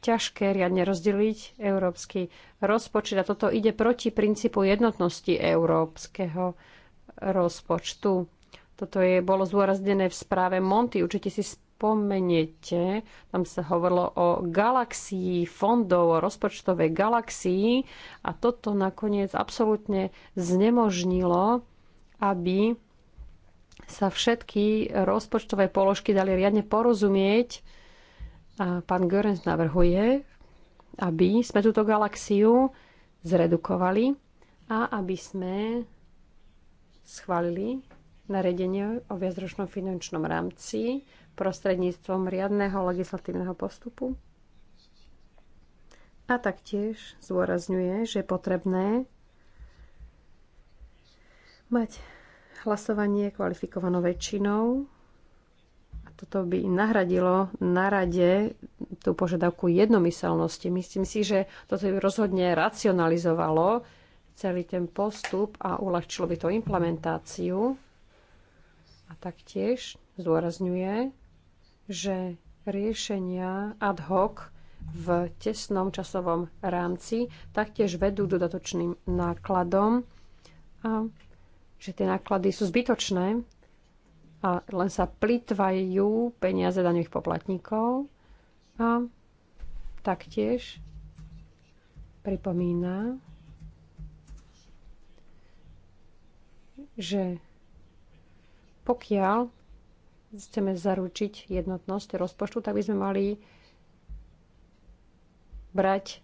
ťažké riadne rozdeliť európsky rozpočet. A toto ide proti princípu jednotnosti európskeho rozpočtu. Toto je, bolo zdôraznené v správe Monty. Určite si spomeniete, tam sa hovorilo o galaxii fondov, o rozpočtovej galaxii a toto nakoniec absolútne znemožnilo, aby sa všetky rozpočtové položky dali riadne porozumieť a pán Görens navrhuje, aby sme túto galaxiu zredukovali a aby sme schválili naredenie o viacročnom finančnom rámci prostredníctvom riadneho legislatívneho postupu. A taktiež zdôrazňuje, že je potrebné mať hlasovanie kvalifikovanou väčšinou toto by nahradilo na rade tú požiadavku jednomyselnosti. Myslím si, že toto by rozhodne racionalizovalo celý ten postup a uľahčilo by to implementáciu. A taktiež zdôrazňuje, že riešenia ad hoc v tesnom časovom rámci taktiež vedú dodatočným nákladom a že tie náklady sú zbytočné, a len sa plitvajú peniaze daňových poplatníkov a taktiež pripomína, že pokiaľ chceme zaručiť jednotnosť rozpočtu, tak by sme mali brať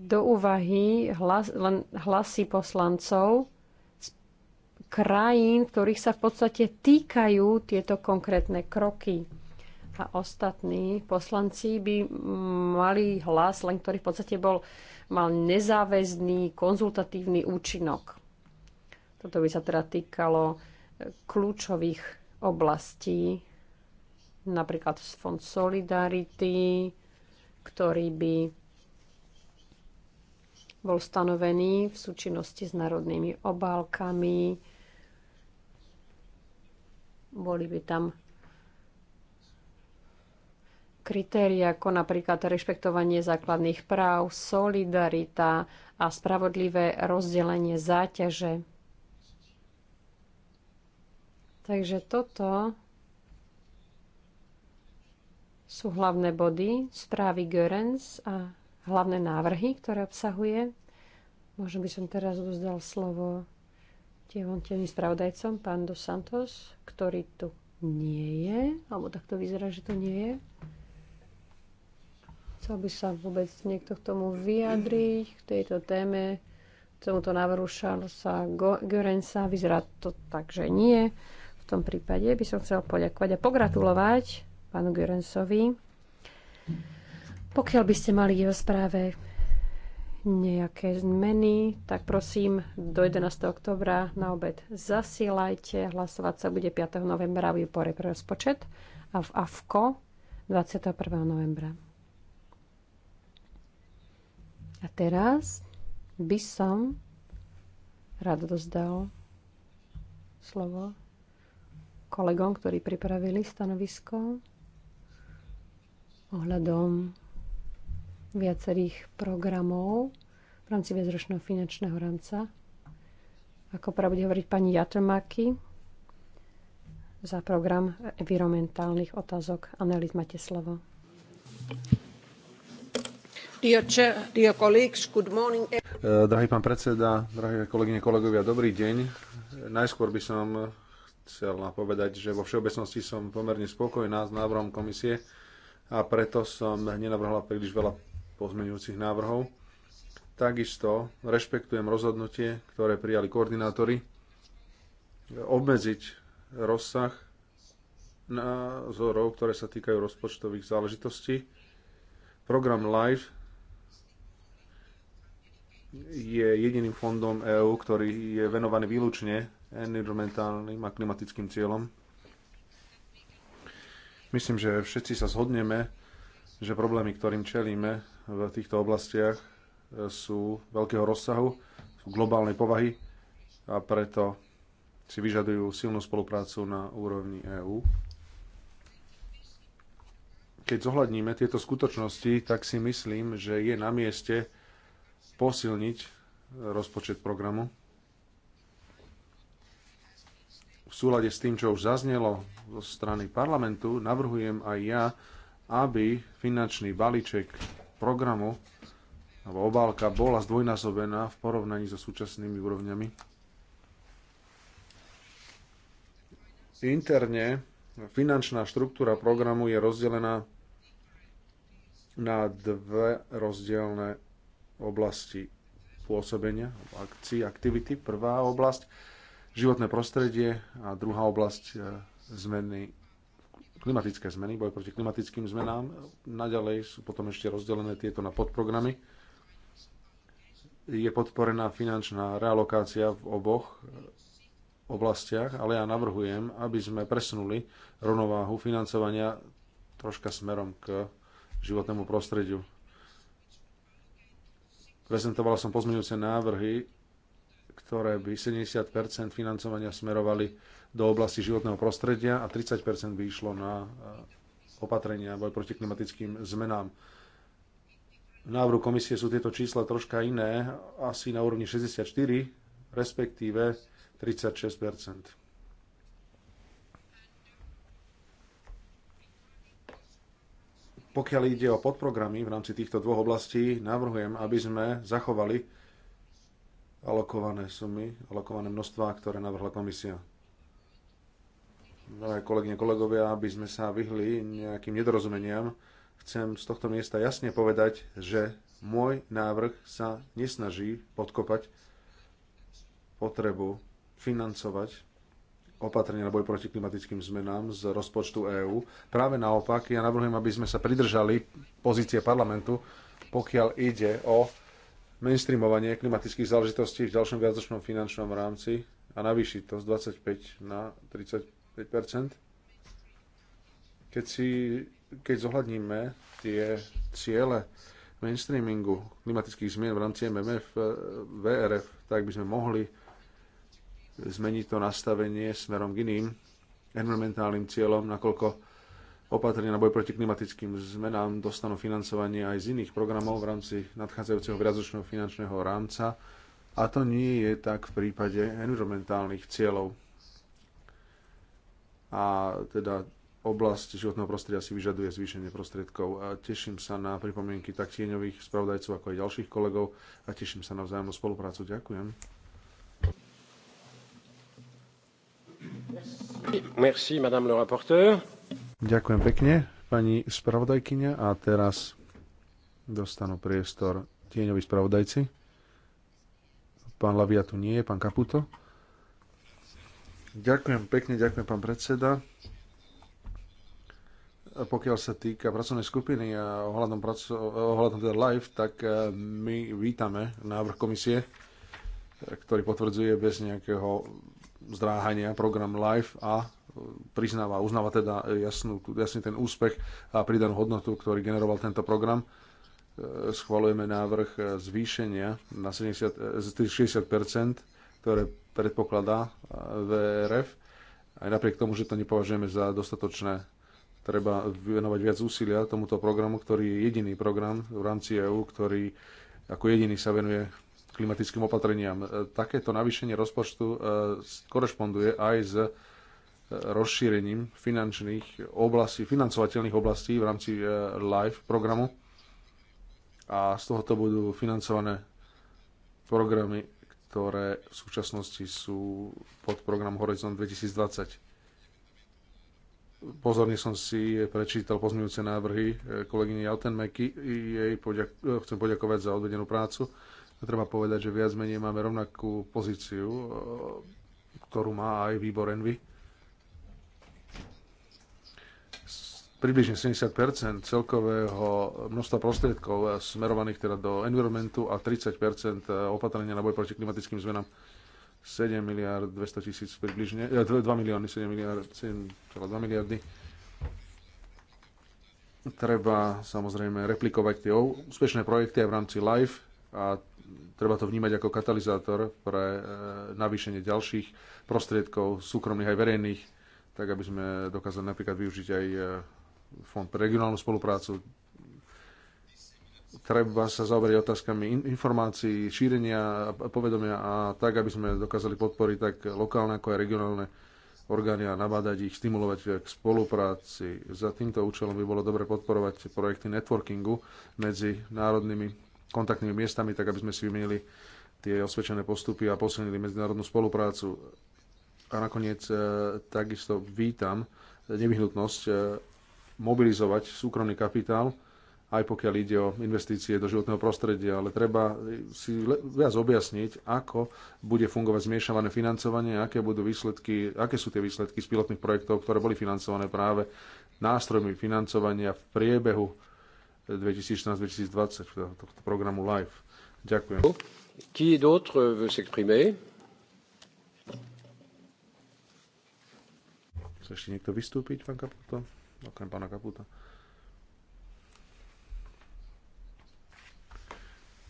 do úvahy hlas, len hlasy poslancov krajín, ktorých sa v podstate týkajú tieto konkrétne kroky. A ostatní poslanci by mali hlas, len ktorý v podstate bol, mal nezáväzný, konzultatívny účinok. Toto by sa teda týkalo e, kľúčových oblastí, napríklad Fond Solidarity, ktorý by bol stanovený v súčinnosti s národnými obálkami, boli by tam kritéria ako napríklad rešpektovanie základných práv, solidarita a spravodlivé rozdelenie záťaže. Takže toto sú hlavné body správy Görens a hlavné návrhy, ktoré obsahuje. Možno by som teraz uzdal slovo tievontevým spravodajcom, pán Dos Santos, ktorý tu nie je, alebo takto vyzerá, že tu nie je. Chcel by sa vôbec niekto k tomu vyjadriť, k tejto téme, k tomuto návrhu Charlesa Görensa. Vyzerá to tak, že nie. V tom prípade by som chcel poďakovať a pogratulovať pánu Görensovi. Pokiaľ by ste mali jeho správe nejaké zmeny, tak prosím do 11. oktobra na obed zasielajte. Hlasovať sa bude 5. novembra v výbore pre rozpočet a v AFKO 21. novembra. A teraz by som rád dozdal slovo kolegom, ktorí pripravili stanovisko ohľadom viacerých programov v rámci viacročného finančného rámca. Ako pravde hovoriť pani Jatrmaky za program environmentálnych otázok. Annelies, máte slovo. Eh, drahý pán predseda, drahé kolegyne, kolegovia, dobrý deň. Najskôr by som chcel povedať, že vo všeobecnosti som pomerne spokojná s návrhom komisie a preto som nenavrhla príliš veľa pozmeňujúcich návrhov. Takisto rešpektujem rozhodnutie, ktoré prijali koordinátori, obmedziť rozsah názorov, ktoré sa týkajú rozpočtových záležitostí. Program LIFE je jediným fondom EÚ, ktorý je venovaný výlučne environmentálnym a klimatickým cieľom. Myslím, že všetci sa zhodneme, že problémy, ktorým čelíme, v týchto oblastiach e, sú veľkého rozsahu, sú globálnej povahy a preto si vyžadujú silnú spoluprácu na úrovni EÚ. Keď zohľadníme tieto skutočnosti, tak si myslím, že je na mieste posilniť rozpočet programu. V súlade s tým, čo už zaznelo zo strany parlamentu, navrhujem aj ja, aby finančný balíček programu alebo obálka bola zdvojnásobená v porovnaní so súčasnými úrovňami. Interne finančná štruktúra programu je rozdelená na dve rozdielne oblasti pôsobenia, akcií, aktivity. Prvá oblasť životné prostredie a druhá oblasť e, zmeny klimatické zmeny, boj proti klimatickým zmenám. Naďalej sú potom ešte rozdelené tieto na podprogramy. Je podporená finančná realokácia v oboch oblastiach, ale ja navrhujem, aby sme presunuli rovnováhu financovania troška smerom k životnému prostrediu. Prezentoval som pozmeňujúce návrhy, ktoré by 70 financovania smerovali do oblasti životného prostredia a 30 by išlo na e, opatrenia boj proti klimatickým zmenám. V návrhu komisie sú tieto čísla troška iné, asi na úrovni 64, respektíve 36 Pokiaľ ide o podprogramy v rámci týchto dvoch oblastí, navrhujem, aby sme zachovali alokované sumy, alokované množstvá, ktoré navrhla komisia milé kolegyne, kolegovia, aby sme sa vyhli nejakým nedorozumeniam, chcem z tohto miesta jasne povedať, že môj návrh sa nesnaží podkopať potrebu financovať opatrenia na boj proti klimatickým zmenám z rozpočtu EÚ. Práve naopak, ja navrhujem, aby sme sa pridržali pozície parlamentu, pokiaľ ide o mainstreamovanie klimatických záležitostí v ďalšom viacročnom finančnom rámci a navýšiť to z 25 na 30 5%. Keď, si, keď zohľadníme tie ciele mainstreamingu klimatických zmien v rámci MMF, eh, VRF, tak by sme mohli zmeniť to nastavenie smerom k iným environmentálnym cieľom, nakoľko opatrenia na boj proti klimatickým zmenám dostanú financovanie aj z iných programov v rámci nadchádzajúceho viacročného finančného rámca a to nie je tak v prípade environmentálnych cieľov a teda oblasť životného prostredia si vyžaduje zvýšenie prostriedkov. A teším sa na pripomienky tak tieňových spravodajcov, ako aj ďalších kolegov a teším sa na vzájomnú spoluprácu. Ďakujem. Merci, madame le rapporteur. Ďakujem pekne, pani spravodajkyňa. A teraz dostanú priestor tieňoví spravodajci. Pán Lavia tu nie je, pán Kaputo. Ďakujem pekne, ďakujem pán predseda. Pokiaľ sa týka pracovnej skupiny a ohľadom, praco- ohľadom teda live, tak e, my vítame návrh komisie, ktorý potvrdzuje bez nejakého zdráhania program live a priznáva, uznáva teda jasnú, jasný ten úspech a pridanú hodnotu, ktorý generoval tento program e, schvalujeme návrh e, zvýšenia na 70, 60 ktoré predpokladá e, VRF. Aj napriek tomu, že to nepovažujeme za dostatočné, treba venovať viac úsilia tomuto programu, ktorý je jediný program v rámci EÚ, ktorý ako jediný sa venuje klimatickým opatreniam. E, takéto navýšenie rozpočtu e, korešponduje aj s rozšírením finančných oblastí, financovateľných oblastí v rámci LIFE programu a z tohoto budú financované programy ktoré v súčasnosti sú pod program Horizon 2020. Pozorne som si prečítal pozmeňujúce návrhy e, kolegyne Jaltenmeky. Jej poďak- e, chcem poďakovať za odvedenú prácu. A treba povedať, že viac menej máme rovnakú pozíciu, e, ktorú má aj výbor Envy. približne 70 celkového množstva prostriedkov smerovaných teda do environmentu a 30 opatrenia na boj proti klimatickým zmenám 7 miliard 200 tisíc približne, 2 eh, milióny, 7 miliard, 7,2 miliardy. Treba samozrejme replikovať tie úspešné projekty aj v rámci LIFE a treba to vnímať ako katalizátor pre eh, navýšenie ďalších prostriedkov súkromných aj verejných, tak aby sme dokázali napríklad využiť aj eh, Fond pre regionálnu spoluprácu. Treba sa zaoberať otázkami informácií, šírenia a povedomia a tak, aby sme dokázali podporiť tak lokálne ako aj regionálne orgány a nabádať ich, stimulovať k spolupráci. Za týmto účelom by bolo dobre podporovať projekty networkingu medzi národnými kontaktnými miestami, tak aby sme si vymenili tie osvedčené postupy a posilnili medzinárodnú spoluprácu. A nakoniec eh, takisto vítam nevyhnutnosť eh, mobilizovať súkromný kapitál, aj pokiaľ ide o investície do životného prostredia, ale treba si viac objasniť, ako bude fungovať zmiešované financovanie, aké budú výsledky, aké sú tie výsledky z pilotných projektov, ktoré boli financované práve nástrojmi financovania v priebehu 2016-2020 teda tohto programu LIFE. Ďakujem. Qui d'autre veut s'exprimer? Chce ešte niekto vystúpiť, pán Kaputo? okrem pána Kaputa.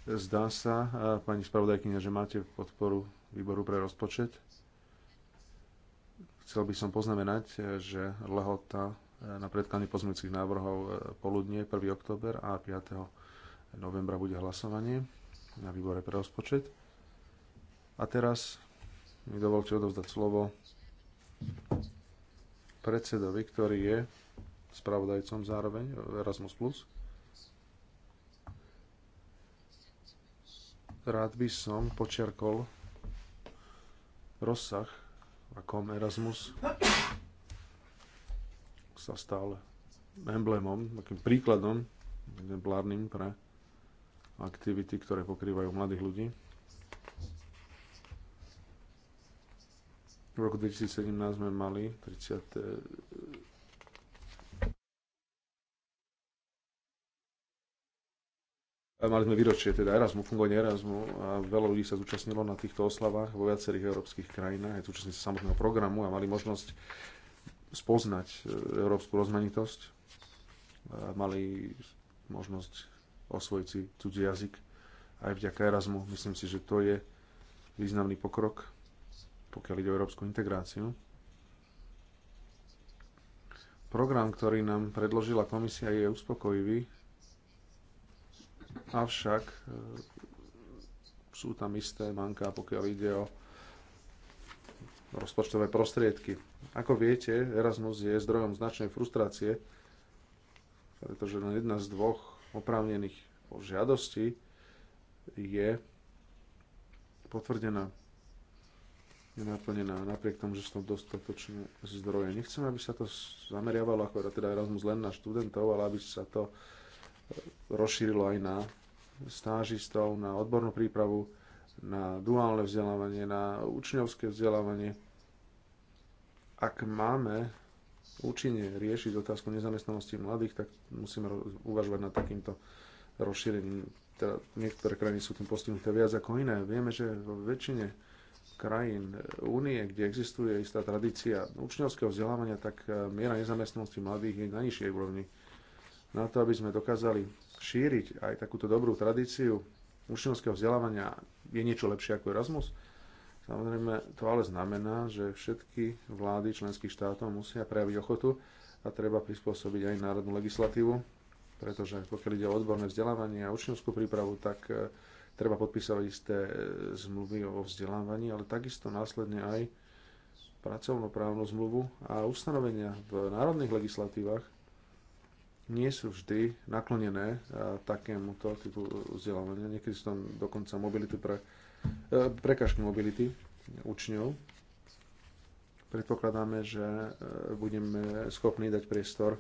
Zdá sa, pani spravodajkynia, že máte podporu výboru pre rozpočet. Chcel by som poznamenať, že lehota e, na predklanie pozmeňujúcich návrhov e, poludne 1. október a 5. novembra bude hlasovanie na výbore pre rozpočet. A teraz mi dovolte odovzdať slovo predsedovi, ktorý je spravodajcom zároveň Erasmus+. Rád by som počiarkol rozsah, akom Erasmus sa stal emblemom, takým príkladom exemplárnym pre aktivity, ktoré pokrývajú mladých ľudí. V roku 2017 sme mali 30, Mali sme výročie, teda Erasmu, fungovanie Erasmu a veľa ľudí sa zúčastnilo na týchto oslavách vo viacerých európskych krajinách, aj zúčastnili sa samotného programu a mali možnosť spoznať e, európsku rozmanitosť, mali možnosť osvojiť si cudzí jazyk aj vďaka Erasmu. Myslím si, že to je významný pokrok, pokiaľ ide o európsku integráciu. Program, ktorý nám predložila komisia, je uspokojivý Avšak e, sú tam isté manká, pokiaľ ide o rozpočtové prostriedky. Ako viete, Erasmus je zdrojom značnej frustrácie, pretože len jedna z dvoch oprávnených žiadostí je potvrdená, je naplnená napriek tomu, že sú tam dostatočné zdroje. Nechcem, aby sa to zameriavalo ako teda Erasmus len na študentov, ale aby sa to rozšírilo aj na stážistov, na odbornú prípravu, na duálne vzdelávanie, na učňovské vzdelávanie. Ak máme účinne riešiť otázku nezamestnanosti mladých, tak musíme uvažovať nad takýmto rozšírením. Teda niektoré krajiny sú tým postihnuté viac ako iné. Vieme, že vo väčšine krajín únie, kde existuje istá tradícia učňovského vzdelávania, tak eh, miera nezamestnanosti mladých je na nižšej úrovni na to, aby sme dokázali šíriť aj takúto dobrú tradíciu učňovského vzdelávania, je niečo lepšie ako Erasmus? Samozrejme, to ale znamená, že všetky vlády členských štátov musia prejaviť ochotu a treba prispôsobiť aj národnú legislatívu, pretože pokiaľ ide o odborné vzdelávanie a učňovskú prípravu, tak e, treba podpísať isté e, zmluvy o vzdelávaní, ale takisto následne aj pracovnoprávnu zmluvu a ustanovenia v národných legislatívach nie sú vždy naklonené e, takémuto typu vzdelávania. Niekedy sú tam dokonca mobility pre, e, prekažky mobility učňov. Predpokladáme, že e, budeme schopní dať priestor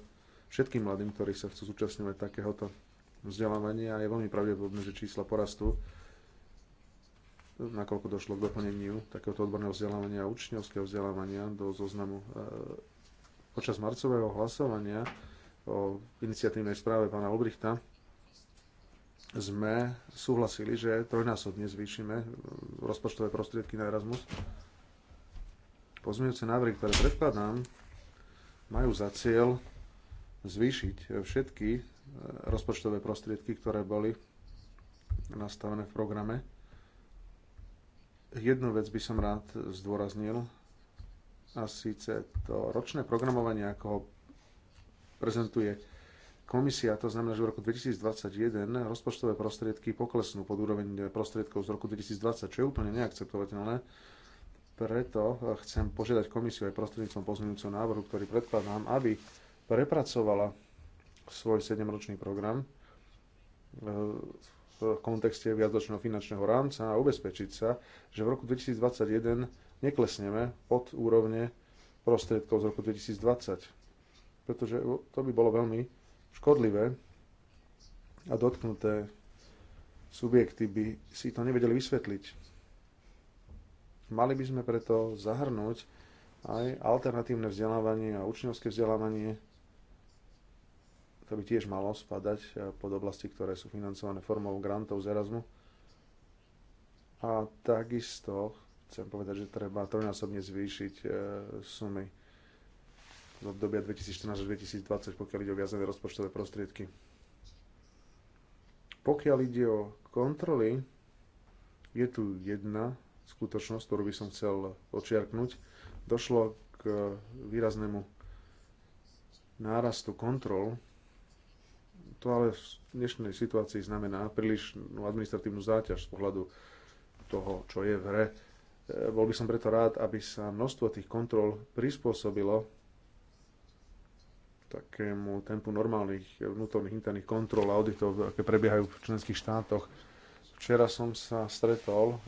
všetkým mladým, ktorí sa chcú zúčastňovať takéhoto vzdelávania. Je veľmi pravdepodobné, že čísla porastú, nakoľko došlo k doplneniu takéhoto odborného vzdelávania, a učňovského vzdelávania do zoznamu počas marcového hlasovania v iniciatívnej správe pána Obrichta, sme súhlasili, že trojnásobne zvýšime rozpočtové prostriedky na Erasmus. Pozmeňujúce návrhy, ktoré predkladám, majú za cieľ zvýšiť všetky e, rozpočtové prostriedky, ktoré boli nastavené v programe. Jednu vec by som rád zdôraznil, a síce to ročné programovanie, ako ho prezentuje komisia. To znamená, že v roku 2021 rozpočtové prostriedky poklesnú pod úroveň prostriedkov z roku 2020, čo je úplne neakceptovateľné. Preto chcem požiadať komisiu aj prostredníctvom pozmeňujúceho návrhu, ktorý predkladám, aby prepracovala svoj 7-ročný program eh, v kontexte viacročného finančného rámca a ubezpečiť sa, že v roku 2021 neklesneme pod úrovne prostriedkov z roku 2020 pretože to by bolo veľmi škodlivé a dotknuté subjekty by si to nevedeli vysvetliť. Mali by sme preto zahrnúť aj alternatívne vzdelávanie a učňovské vzdelávanie. To by tiež malo spadať pod oblasti, ktoré sú financované formou grantov z Erasmu. A takisto chcem povedať, že treba trojnásobne zvýšiť eh, sumy z obdobia 2014 až 2020, pokiaľ ide o viazané rozpočtové prostriedky. Pokiaľ ide o kontroly, je tu jedna skutočnosť, ktorú by som chcel očiarknúť. Došlo k výraznému nárastu kontrol. To ale v dnešnej situácii znamená príliš no, administratívnu záťaž z pohľadu toho, čo je v hre. E, bol by som preto rád, aby sa množstvo tých kontrol prispôsobilo takému tempu normálnych eh, vnútorných interných kontrol a auditov, aké prebiehajú v členských štátoch. Včera som sa stretol eh,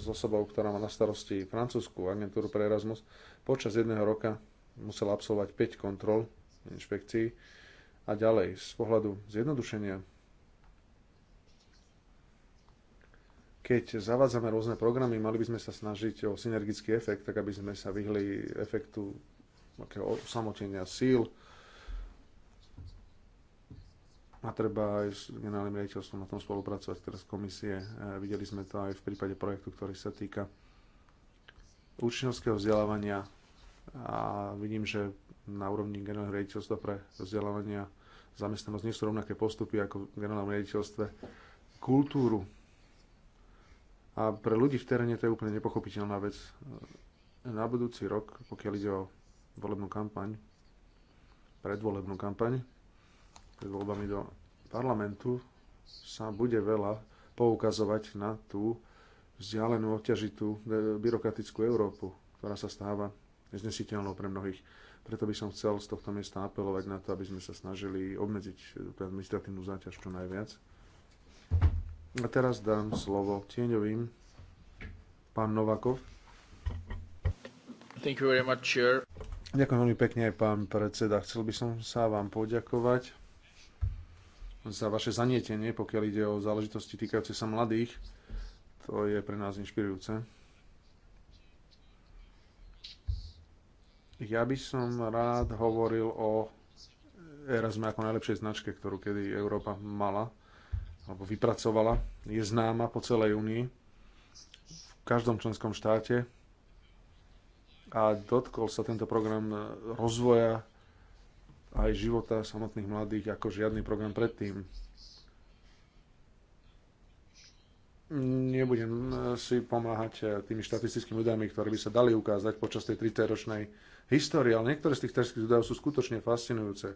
s osobou, ktorá má na starosti francúzsku agentúru pre Erasmus. Počas jedného roka musela absolvovať 5 kontrol inšpekcií a ďalej z pohľadu zjednodušenia keď zavádzame rôzne programy, mali by sme sa snažiť o synergický efekt, tak aby sme sa vyhli efektu samotenia síl, a treba aj s generálnym riaditeľstvom na tom spolupracovať teraz komisie. E, videli sme to aj v prípade projektu, ktorý sa týka učňovského vzdelávania a vidím, že na úrovni generálneho riaditeľstva pre vzdelávania zamestnanosť nie sú rovnaké postupy ako v generálnom riaditeľstve kultúru. A pre ľudí v teréne to je úplne nepochopiteľná vec. E, na budúci rok, pokiaľ ide o volebnú kampaň, predvolebnú kampaň, pred voľbami do parlamentu sa bude veľa poukazovať na tú vzdialenú, obťažitú e, byrokratickú Európu, ktorá sa stáva neznesiteľnou pre mnohých. Preto by som chcel z tohto miesta apelovať na to, aby sme sa snažili obmedziť e, administratívnu záťaž čo najviac. A teraz dám slovo tieňovým. Pán Novakov. Thank you very much, Ďakujem veľmi pekne, aj pán predseda. Chcel by som sa vám poďakovať za vaše zanietenie, pokiaľ ide o záležitosti týkajúce sa mladých. To je pre nás inšpirujúce. Ja by som rád hovoril o Erasme ako najlepšej značke, ktorú kedy Európa mala alebo vypracovala. Je známa po celej únii, v každom členskom štáte a dotkol sa tento program rozvoja aj života samotných mladých ako žiadny program predtým. Nebudem eh, si pomáhať eh, tými štatistickými údajmi, ktoré by sa dali ukázať počas tej 30-ročnej histórie, ale niektoré z tých terských údajov sú skutočne fascinujúce.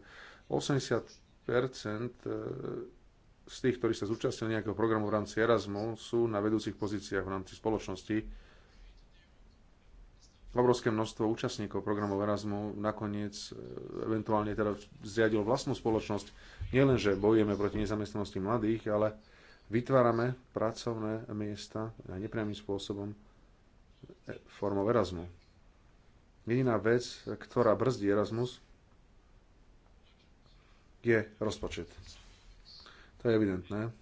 80% eh, z tých, ktorí sa zúčastnili nejakého programu v rámci Erasmu, sú na vedúcich pozíciách v rámci spoločnosti obrovské množstvo účastníkov programov Erasmu nakoniec e, eventuálne teda zriadilo vlastnú spoločnosť. Nielen, že bojujeme proti nezamestnanosti mladých, ale vytvárame pracovné miesta nepriamým spôsobom e, formou Erasmu. Jediná vec, ktorá brzdí Erasmus, je rozpočet. To je evidentné.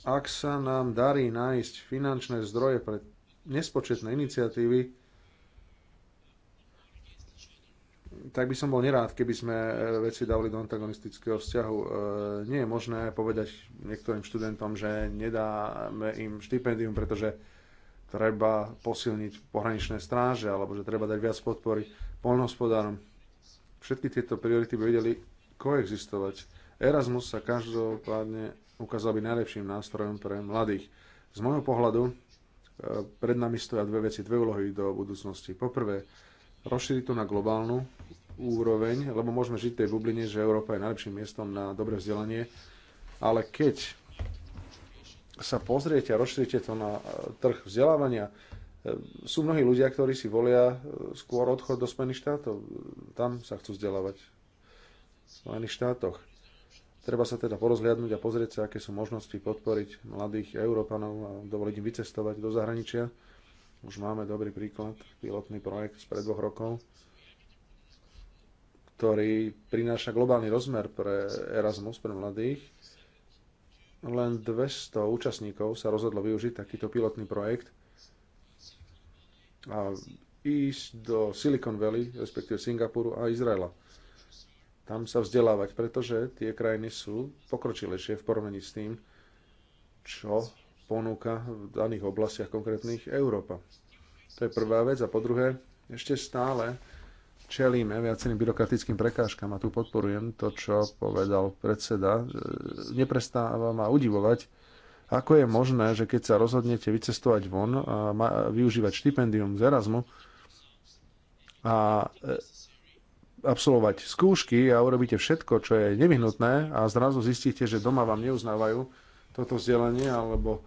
Ak sa nám darí nájsť finančné zdroje pre nespočetné iniciatívy, tak by som bol nerád, keby sme e, veci dali do antagonistického vzťahu. E, nie je možné povedať niektorým študentom, že nedáme im štipendium, pretože treba posilniť pohraničné stráže, alebo že treba dať viac podpory poľnohospodárom. Všetky tieto priority by vedeli koexistovať. Erasmus sa každopádne ukázal byť najlepším nástrojom pre mladých. Z môjho pohľadu e, pred nami stoja dve veci, dve úlohy do budúcnosti. Poprvé, rozšíriť to na globálnu úroveň, lebo môžeme žiť tej bubline, že Európa je najlepším miestom na dobré vzdelanie, ale keď sa pozriete a rozšírite to na e, trh vzdelávania, e, sú mnohí ľudia, ktorí si volia skôr odchod do Spojených štátov. Tam sa chcú vzdelávať. V Spojených štátoch Treba sa teda porozhliadnúť a pozrieť sa, aké sú možnosti podporiť mladých Európanov a dovoliť im vycestovať do zahraničia. Už máme dobrý príklad, pilotný projekt z pred dvoch rokov, ktorý prináša globálny rozmer pre Erasmus, pre mladých. Len 200 účastníkov sa rozhodlo využiť takýto pilotný projekt a ísť do Silicon Valley, respektíve Singapuru a Izraela tam sa vzdelávať, pretože tie krajiny sú pokročilejšie v porovnaní s tým, čo ponúka v daných oblastiach konkrétnych Európa. To je prvá vec. A po druhé, ešte stále čelíme viacerým byrokratickým prekážkam a tu podporujem to, čo povedal predseda. Neprestáva ma udivovať, ako je možné, že keď sa rozhodnete vycestovať von a využívať štipendium z Erasmu a e, absolvovať skúšky a urobíte všetko, čo je nevyhnutné a zrazu zistíte, že doma vám neuznávajú toto vzdelanie alebo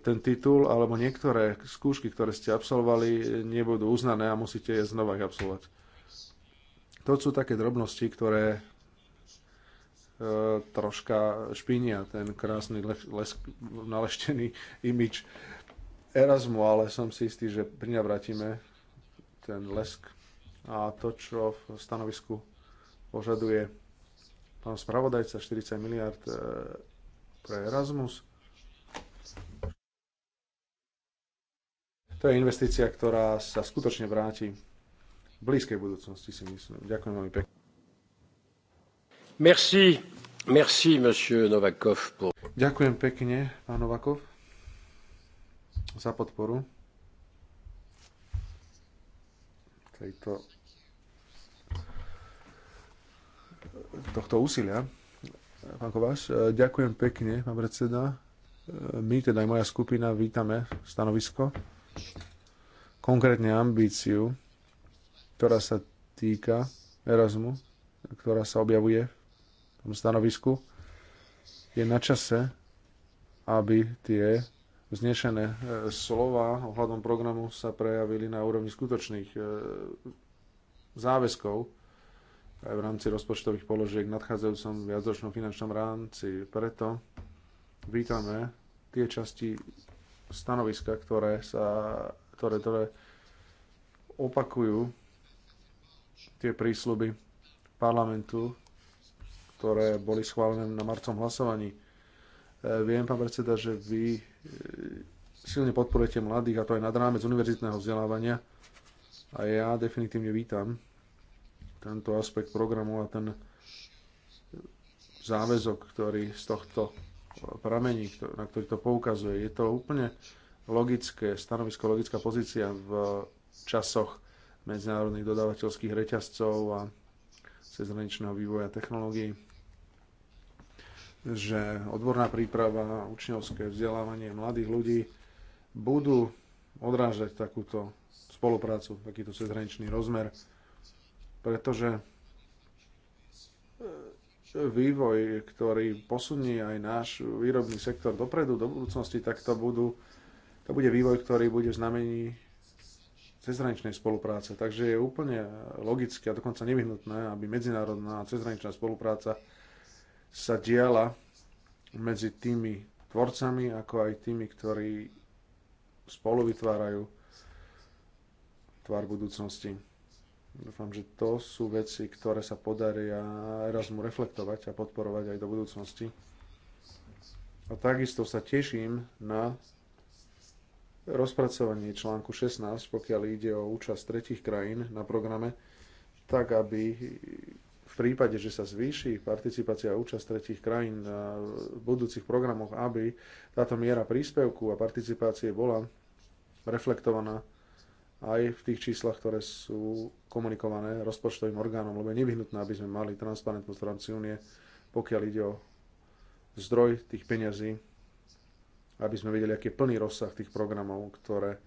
ten titul, alebo niektoré skúšky, ktoré ste absolvovali, nebudú uznané a musíte je znova absolvovať. To sú také drobnosti, ktoré e, troška špinia ten krásny lesk, naleštený imič Erasmu, ale som si istý, že prinavratíme ten lesk a to, čo v stanovisku požaduje pán spravodajca, 40 miliard e, pre Erasmus. To je investícia, ktorá sa skutočne vráti v blízkej budúcnosti, si myslím. Ďakujem veľmi pekne. Merci. Merci, monsieur Novakov. Pour... Ďakujem pekne, pán Novakov, za podporu tejto tohto úsilia. Pán Kováš, e, ďakujem pekne, pán predseda. E, my, teda aj moja skupina, vítame stanovisko, konkrétne ambíciu, ktorá sa týka Erasmu, ktorá sa objavuje v tom stanovisku. Je na čase, aby tie vznešené e, slova ohľadom programu sa prejavili na úrovni skutočných záväzkov, aj v rámci rozpočtových položiek v nadchádzajúcom viacročnom finančnom rámci. Preto vítame tie časti stanoviska, ktoré, sa, ktoré, ktoré opakujú tie prísľuby parlamentu, ktoré boli schválené na marcom hlasovaní. E, viem, pán predseda, že vy e, silne podporujete mladých, a to aj nad rámec univerzitného vzdelávania. A ja definitívne vítam tento aspekt programu a ten záväzok, ktorý z tohto pramení, na ktorý to poukazuje. Je to úplne logické, stanovisko, logická pozícia v časoch medzinárodných dodávateľských reťazcov a cezhraničného vývoja technológií, že odborná príprava, učňovské vzdelávanie mladých ľudí budú odrážať takúto spoluprácu, takýto cezhraničný rozmer pretože vývoj, ktorý posunie aj náš výrobný sektor dopredu, do budúcnosti, tak to, budú, to bude vývoj, ktorý bude v znamení cezhraničnej spolupráce. Takže je úplne logické a dokonca nevyhnutné, aby medzinárodná cezhraničná spolupráca sa diala medzi tými tvorcami, ako aj tými, ktorí spolu vytvárajú tvar budúcnosti. Dúfam, že to sú veci, ktoré sa podaria Erasmu reflektovať a podporovať aj do budúcnosti. A takisto sa teším na rozpracovanie článku 16, pokiaľ ide o účasť tretich krajín na programe, tak aby v prípade, že sa zvýši participácia a účasť tretich krajín na budúcich programoch, aby táto miera príspevku a participácie bola reflektovaná aj v tých číslach, ktoré sú komunikované rozpočtovým orgánom, lebo je nevyhnutné, aby sme mali transparentnosť v rámci únie, pokiaľ ide o zdroj tých peňazí, aby sme vedeli, aký je plný rozsah tých programov, ktoré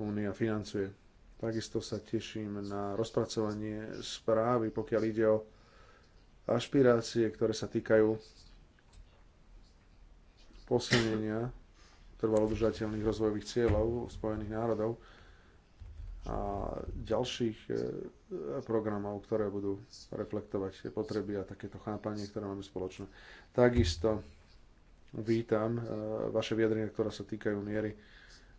únia financuje. Takisto sa teším na rozpracovanie správy, pokiaľ ide o ašpirácie, ktoré sa týkajú posilnenia trvalo udržateľných rozvojových cieľov Spojených národov a ďalších e, programov, ktoré budú reflektovať tie potreby a takéto chápanie, ktoré máme spoločné. Takisto vítam e, vaše vyjadrenia, ktoré sa týkajú miery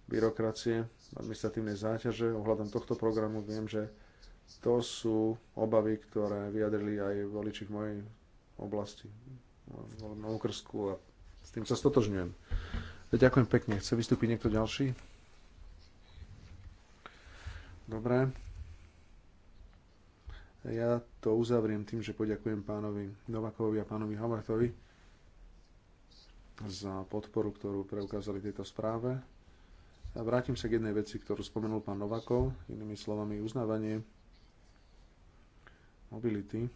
byrokracie, administratívnej záťaže. Ohľadom tohto programu viem, že to sú obavy, ktoré vyjadrili aj voliči v mojej oblasti, v Novokrsku a s tým sa stotožňujem. Ďakujem pekne. Chce vystúpiť niekto ďalší? Dobre. Ja to uzavriem tým, že poďakujem pánovi Novakovi a pánovi Havartovi za podporu, ktorú preukázali tejto správe. A vrátim sa k jednej veci, ktorú spomenul pán Novakov, inými slovami uznávanie mobility. E,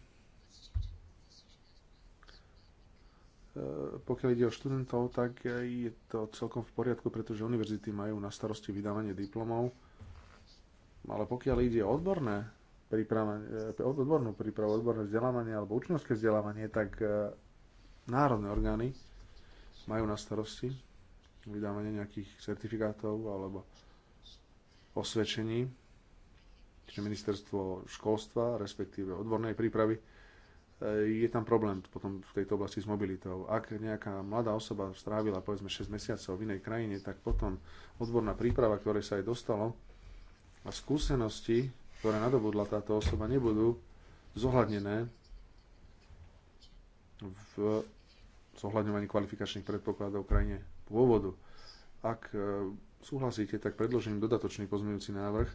pokiaľ ide o študentov, tak je to celkom v poriadku, pretože univerzity majú na starosti vydávanie diplomov ale pokiaľ ide o odborné e, odbornú prípravu, odborné vzdelávanie alebo učňovské vzdelávanie, tak e, národné orgány majú na starosti vydávanie nejakých certifikátov alebo osvedčení, čiže ministerstvo školstva, respektíve odbornej prípravy, e, je tam problém potom v tejto oblasti s mobilitou. Ak nejaká mladá osoba strávila povedzme 6 mesiacov v inej krajine, tak potom odborná príprava, ktorej sa aj dostalo, a skúsenosti, ktoré nadobudla táto osoba, nebudú zohľadnené v zohľadňovaní kvalifikačných predpokladov krajine pôvodu. Ak e, súhlasíte, tak predložím dodatočný pozmeňujúci návrh,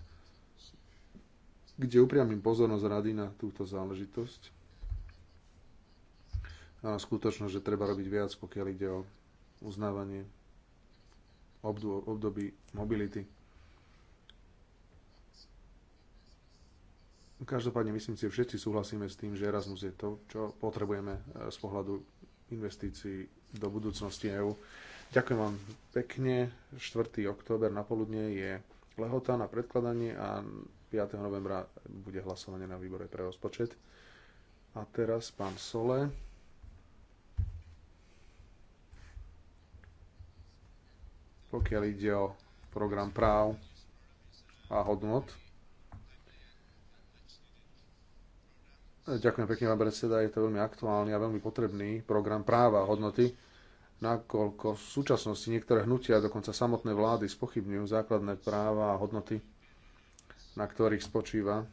kde upriamím pozornosť rady na túto záležitosť a na skutočnosť, že treba robiť viac, pokiaľ ide o uznávanie období mobility. Každopádne myslím si, že všetci súhlasíme s tým, že Erasmus je to, čo potrebujeme eh, z pohľadu investícií do budúcnosti EÚ. Ďakujem vám pekne. 4. október na poludne je lehota na predkladanie a 5. novembra bude hlasovanie na výbore pre rozpočet. A teraz pán Sole. Pokiaľ ide o program práv a hodnot, Ďakujem pekne, pán predseda. Je to veľmi aktuálny a veľmi potrebný program práva a hodnoty, nakoľko v súčasnosti niektoré hnutia, dokonca samotné vlády, spochybňujú základné práva a hodnoty, na ktorých spočíva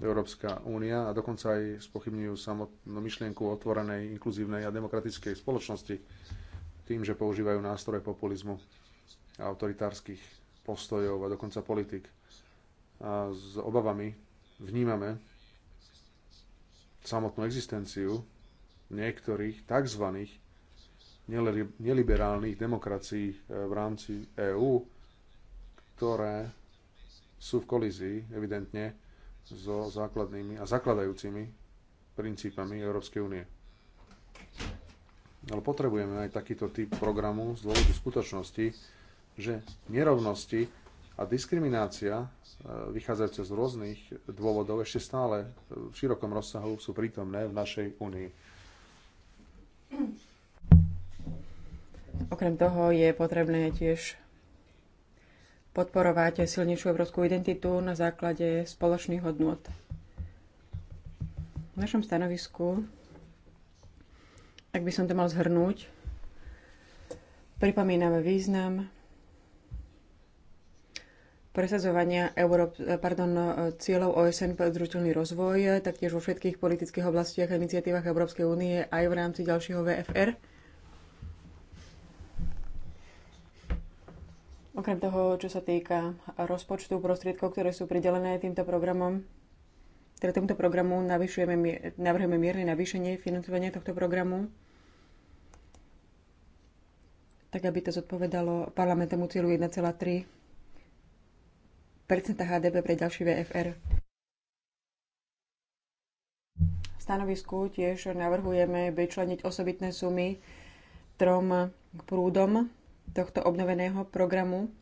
Európska únia a dokonca aj spochybňujú samotnú myšlienku otvorenej, inkluzívnej a demokratickej spoločnosti tým, že používajú nástroje populizmu a autoritárskych postojov a dokonca politik. A s obavami vnímame samotnú existenciu niektorých tzv. neliberálnych demokracií eh, v rámci EÚ, ktoré sú v kolízii evidentne so základnými a zakladajúcimi princípami Európskej únie. Ale potrebujeme aj takýto typ programu z dôvodu skutočnosti, že nerovnosti a diskriminácia, e, vychádzajúca z rôznych dôvodov, ešte stále v širokom rozsahu sú prítomné v našej únii. Okrem toho je potrebné tiež podporovať silnejšiu európsku identitu na základe spoločných hodnot. V našom stanovisku, ak by som to mal zhrnúť, pripomíname význam presadzovania Európ, pardon, cieľov OSN pre udržateľný rozvoj, taktiež vo všetkých politických oblastiach a iniciatívach Európskej únie aj v rámci ďalšieho VFR. Okrem toho, čo sa týka rozpočtu prostriedkov, ktoré sú pridelené týmto programom, teda tomuto programu navrhujeme mierne navýšenie financovania tohto programu, tak aby to zodpovedalo parlamentnému cieľu 1,3 HDP pre ďalší VFR. V stanovisku tiež navrhujeme vyčleniť osobitné sumy trom prúdom tohto obnoveného programu.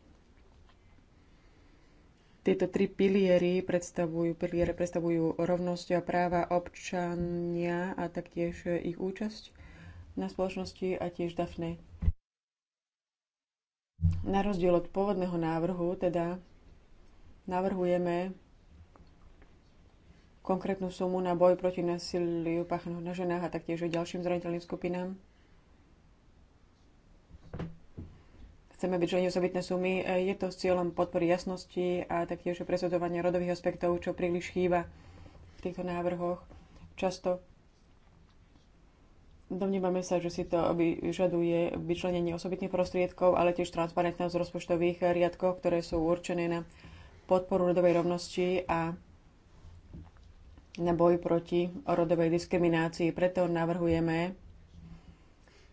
Tieto tri piliery predstavujú, piliere predstavujú rovnosť a práva občania a taktiež ich účasť na spoločnosti a tiež Dafne. Na rozdiel od pôvodného návrhu, teda navrhujeme konkrétnu sumu na boj proti násiliu páchaného na ženách a taktiež aj ďalším zraniteľným skupinám. Chceme vyčleniť osobitné sumy. Je to s cieľom podpory jasnosti a taktiež presadzovania rodových aspektov, čo príliš chýba v týchto návrhoch. Často Domnívame sa, že si to vyžaduje vyčlenenie osobitných prostriedkov, ale tiež transparentnosť rozpočtových riadkov, ktoré sú určené na podporu rodovej rovnosti a na boj proti rodovej diskriminácii. Preto navrhujeme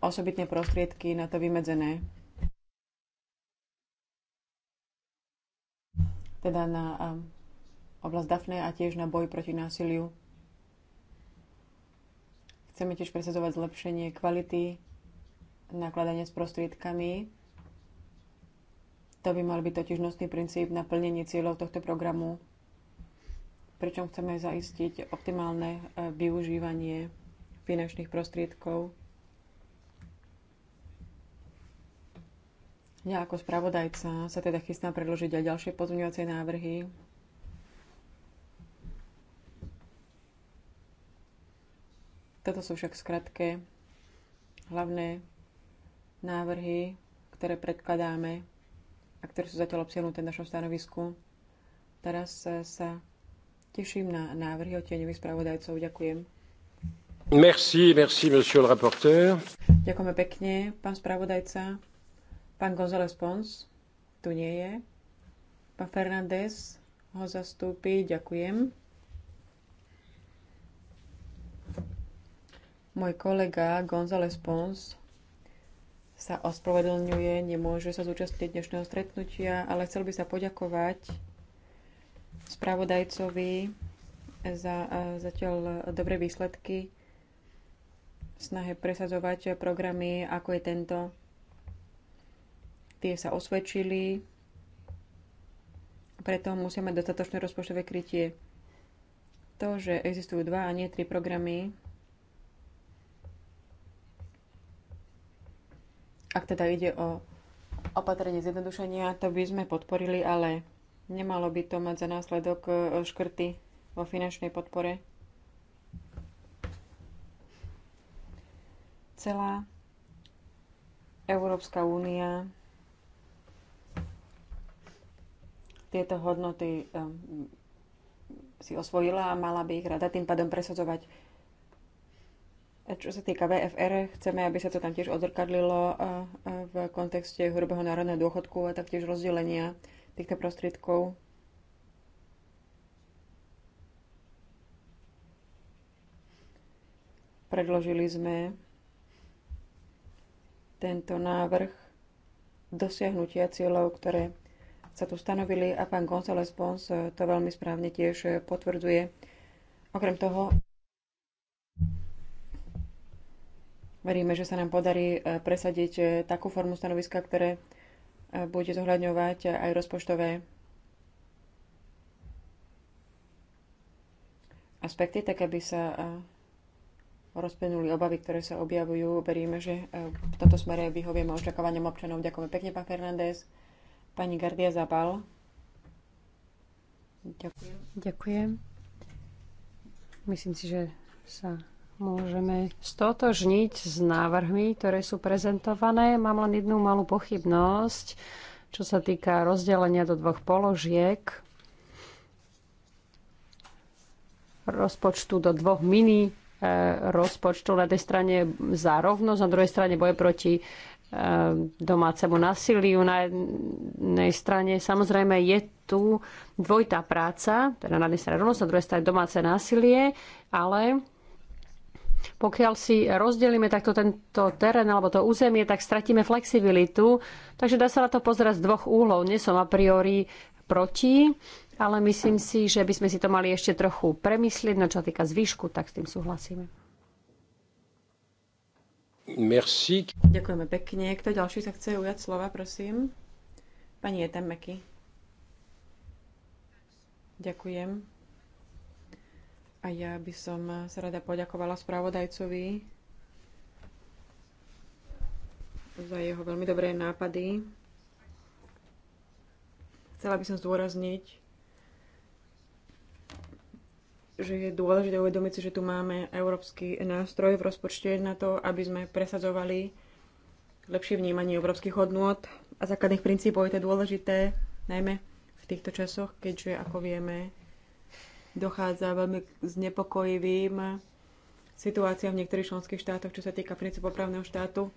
osobitné prostriedky na to vymedzené. Teda na oblasť Dafne a tiež na boj proti násiliu. Chceme tiež presadzovať zlepšenie kvality nakladania s prostriedkami to by mal byť totiž nosný princíp na plnenie cieľov tohto programu, pričom chceme zaistiť optimálne e, využívanie finančných prostriedkov. Ja ako spravodajca sa teda chystám predložiť aj ďalšie pozmeňovacie návrhy, Toto sú však skratké hlavné návrhy, ktoré predkladáme a ktoré sú zatiaľ obsiahnuté v našom stanovisku. Teraz e, sa teším na návrhy od tieňových spravodajcov. Ďakujem. Merci, merci, monsieur le rapporteur. Ďakujeme pekne, pán spravodajca. Pán González Pons tu nie je. Pán Fernández ho zastúpi. Ďakujem. Môj kolega González Pons sa ospravedlňuje, nemôže sa zúčastniť dnešného stretnutia, ale chcel by sa poďakovať spravodajcovi za zatiaľ dobré výsledky v snahe presadzovať programy, ako je tento. Tie sa osvedčili, preto musíme dostatočné rozpočtové krytie. To, že existujú dva a nie tri programy, Ak teda ide o opatrenie zjednodušenia, to by sme podporili, ale nemalo by to mať za následok e, škrty vo finančnej podpore. Celá Európska únia tieto hodnoty e, si osvojila a mala by ich rada tým pádom presadzovať čo sa týka VFR, chceme, aby sa to tam tiež odzrkadlilo v kontexte hrubého národného dôchodku a taktiež rozdelenia týchto prostriedkov. Predložili sme tento návrh dosiahnutia cieľov, ktoré sa tu stanovili a pán González Pons to veľmi správne tiež potvrdzuje. Okrem toho, Veríme, že sa nám podarí e, presadiť e, takú formu stanoviska, ktoré e, bude zohľadňovať aj rozpočtové aspekty, tak aby sa rozplynuli obavy, ktoré sa objavujú. Veríme, že v tomto smere vyhovieme očakávaniam občanov. Ďakujeme pekne, pán Fernández. Pani Gardia Zabal. Ďakujem. Ďakujem. Myslím si, že sa môžeme stotožniť s návrhmi, ktoré sú prezentované. Mám len jednu malú pochybnosť, čo sa týka rozdelenia do dvoch položiek rozpočtu do dvoch mini eh, rozpočtu. Na tej strane za rovnosť, na druhej strane boje proti eh, domácemu nasiliu. Na jednej strane samozrejme je tu dvojitá práca, teda na jednej strane rovnosť, na druhej strane domáce násilie, ale pokiaľ si rozdelíme takto tento terén alebo to územie, tak stratíme flexibilitu. Takže dá sa na to pozerať z dvoch úhlov. Nie som a priori proti, ale myslím si, že by sme si to mali ešte trochu premyslieť. No čo týka zvyšku, tak s tým súhlasíme. Merci. Ďakujeme pekne. Kto ďalší sa chce ujať slova, prosím? Pani Etemeky. Ďakujem. A ja by som sa rada poďakovala spravodajcovi za jeho veľmi dobré nápady. Chcela by som zdôrazniť, že je dôležité uvedomiť si, že tu máme európsky nástroj v rozpočte na to, aby sme presadzovali lepšie vnímanie európskych hodnôt a základných princípov. Je to dôležité najmä v týchto časoch, keďže, ako vieme, dochádza veľmi k znepokojivým situáciám v niektorých členských štátoch, čo sa týka princípu právneho štátu.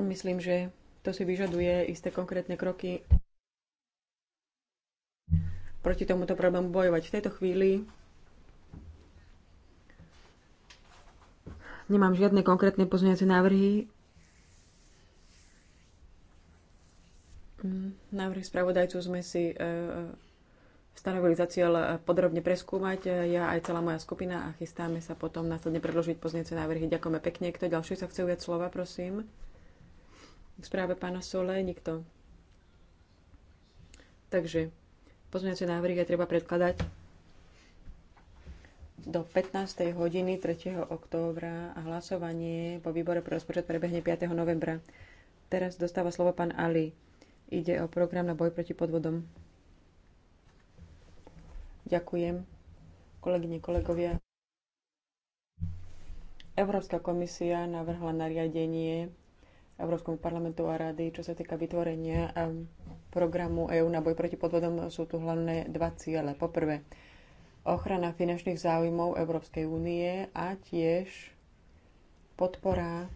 Myslím, že to si vyžaduje isté konkrétne kroky proti tomuto problému bojovať. V tejto chvíli nemám žiadne konkrétne pozmeňujúce návrhy. Mm, návrhy spravodajcu sme si e, e, stanovili za cieľ eh, podrobne preskúmať. Eh, ja aj celá moja skupina a chystáme sa potom následne predložiť pozniece návrhy. Ďakujeme pekne. Kto ďalší sa chce ujať slova, prosím? K správe pána Sole nikto. Takže pozniece návrhy je treba predkladať do 15. hodiny 3. októbra a hlasovanie po výbore pre rozpočet prebehne 5. novembra. Teraz dostáva slovo pán Ali. Ide o program na boj proti podvodom. Ďakujem, kolegyne, kolegovia. Európska komisia navrhla nariadenie Európskom parlamentu a rady, čo sa týka vytvorenia ehm, programu EÚ na boj proti podvodom, sú tu hlavné dva ciele. Poprvé, ochrana finančných záujmov Európskej únie a tiež podpora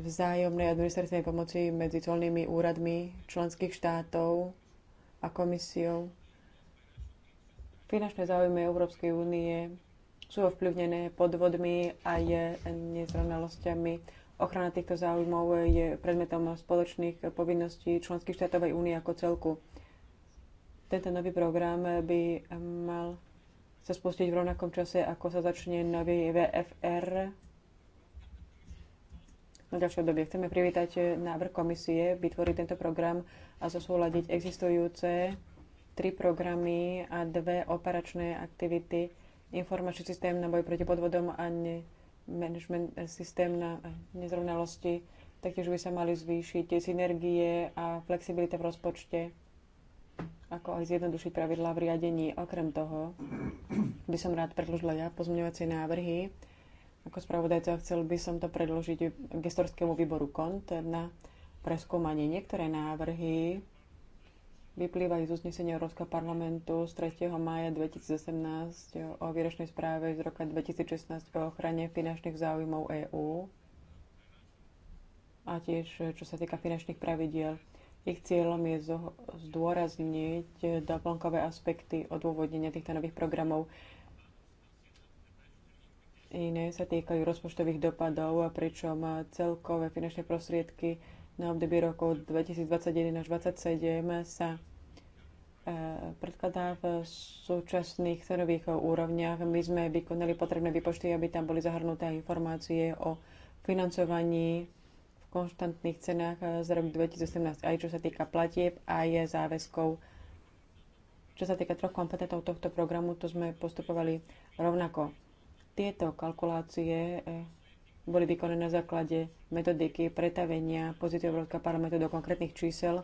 vzájomnej administratívnej pomoci medzi colnými úradmi členských štátov a komisiou Finančné záujmy Európskej únie sú ovplyvnené podvodmi a je nezrovnalosťami. Ochrana týchto záujmov je predmetom spoločných povinností členských štátov aj únie ako celku. Tento nový program by mal sa spustiť v rovnakom čase, ako sa začne nový VFR na ďalšie obdobie. Chceme privítať návrh komisie vytvoriť tento program a zosúľadiť existujúce tri programy a dve operačné aktivity, informačný systém na boj proti podvodom a ne, management systém na nezrovnalosti. Taktiež by sa mali zvýšiť synergie a flexibilita v rozpočte, ako aj zjednodušiť pravidlá v riadení. Okrem toho by som rád predložila ja pozmeňovacie návrhy. Ako spravodajca chcel by som to predložiť gestorskému výboru KONT na preskúmanie. Niektoré návrhy vyplývajú z uznesenia Európskeho parlamentu z 3. maja 2018 o výročnej správe z roka 2016 o ochrane finančných záujmov EÚ a tiež čo sa týka finančných pravidiel. Ich cieľom je zdôrazniť doplnkové aspekty odôvodnenia týchto nových programov. Iné sa týkajú rozpočtových dopadov, pričom celkové finančné prostriedky na obdobie rokov 2021 až 2027 sa e, predkladá v súčasných cenových úrovniach. My sme vykonali potrebné výpočty, aby tam boli zahrnuté informácie o financovaní v konštantných cenách z roku 2018, aj čo sa týka platieb, aj záväzkov. Čo sa týka troch kompetentov tohto programu, to sme postupovali rovnako. Tieto kalkulácie e, boli vykonané na základe metodiky pretavenia pozície Európskeho parlamentu do konkrétnych čísel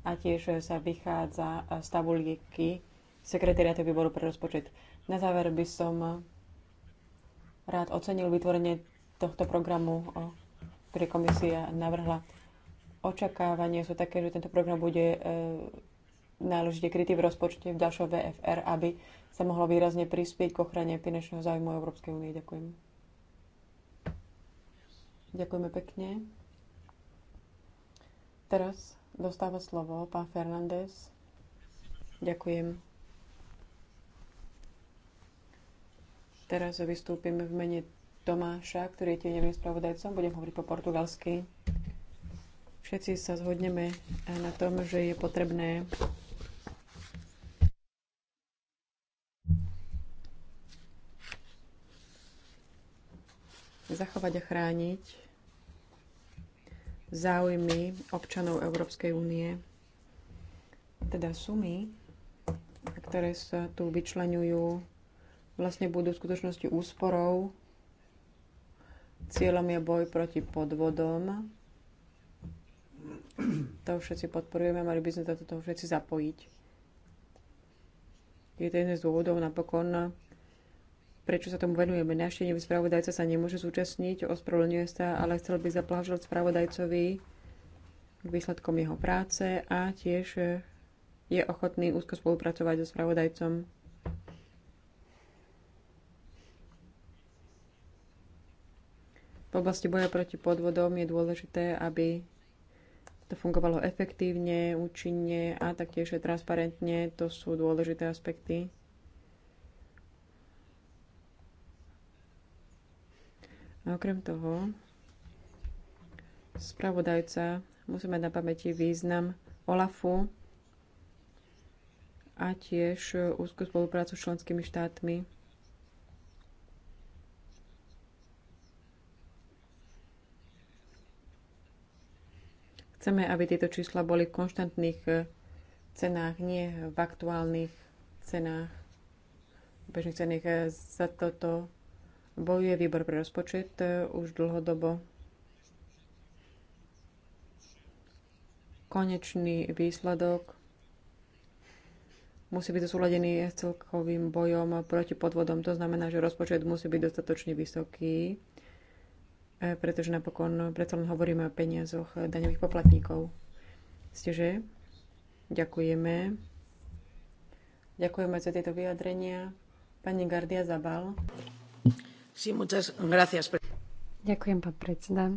a tiež sa vychádza z tabulíky sekretariátu výboru pre rozpočet. Na záver by som rád ocenil vytvorenie tohto programu, ktorý komisia navrhla. Očakávania sú také, že tento program bude e, náležite krytý v rozpočte v ďalšom VFR, aby sa mohlo výrazne prispieť k ochrane finančného záujmu Európskej únie. Ďakujem. Ďakujeme pekne. Teraz dostáva slovo pán Fernández. Ďakujem. Teraz vystúpime v mene Tomáša, ktorý je tieňovým spravodajcom. Budem hovoriť po portugalsky. Všetci sa zhodneme na tom, že je potrebné zachovať a chrániť záujmy občanov Európskej únie, teda sumy, ktoré sa tu vyčlenujú, vlastne budú v skutočnosti úsporou. Cieľom je boj proti podvodom. To všetci podporujeme, mali by sme toto do všetci zapojiť. Je to jeden z dôvodov napokon, prečo sa tomu venujeme. Naštenie spravodajca sa nemôže zúčastniť, ospravedlňuje sa, ale chcel by zaplažovať spravodajcovi k výsledkom jeho práce a tiež je ochotný úzko spolupracovať so spravodajcom. V oblasti boja proti podvodom je dôležité, aby to fungovalo efektívne, účinne a taktiež transparentne. To sú dôležité aspekty. A okrem toho, spravodajca musí mať na pamäti význam OLAFu a tiež úzku spoluprácu s členskými štátmi. Chceme, aby tieto čísla boli v konštantných cenách, nie v aktuálnych cenách, v bežných cenách. Za toto bojuje výbor pre rozpočet e, už dlhodobo. Konečný výsledok musí byť zúladený s celkovým bojom proti podvodom. To znamená, že rozpočet musí byť dostatočne vysoký, e, pretože napokon predsa len hovoríme o peniazoch daňových poplatníkov. Steže, ďakujeme. Ďakujeme za tieto vyjadrenia. Pani Gardia Zabal. Ďakujem, pán predseda.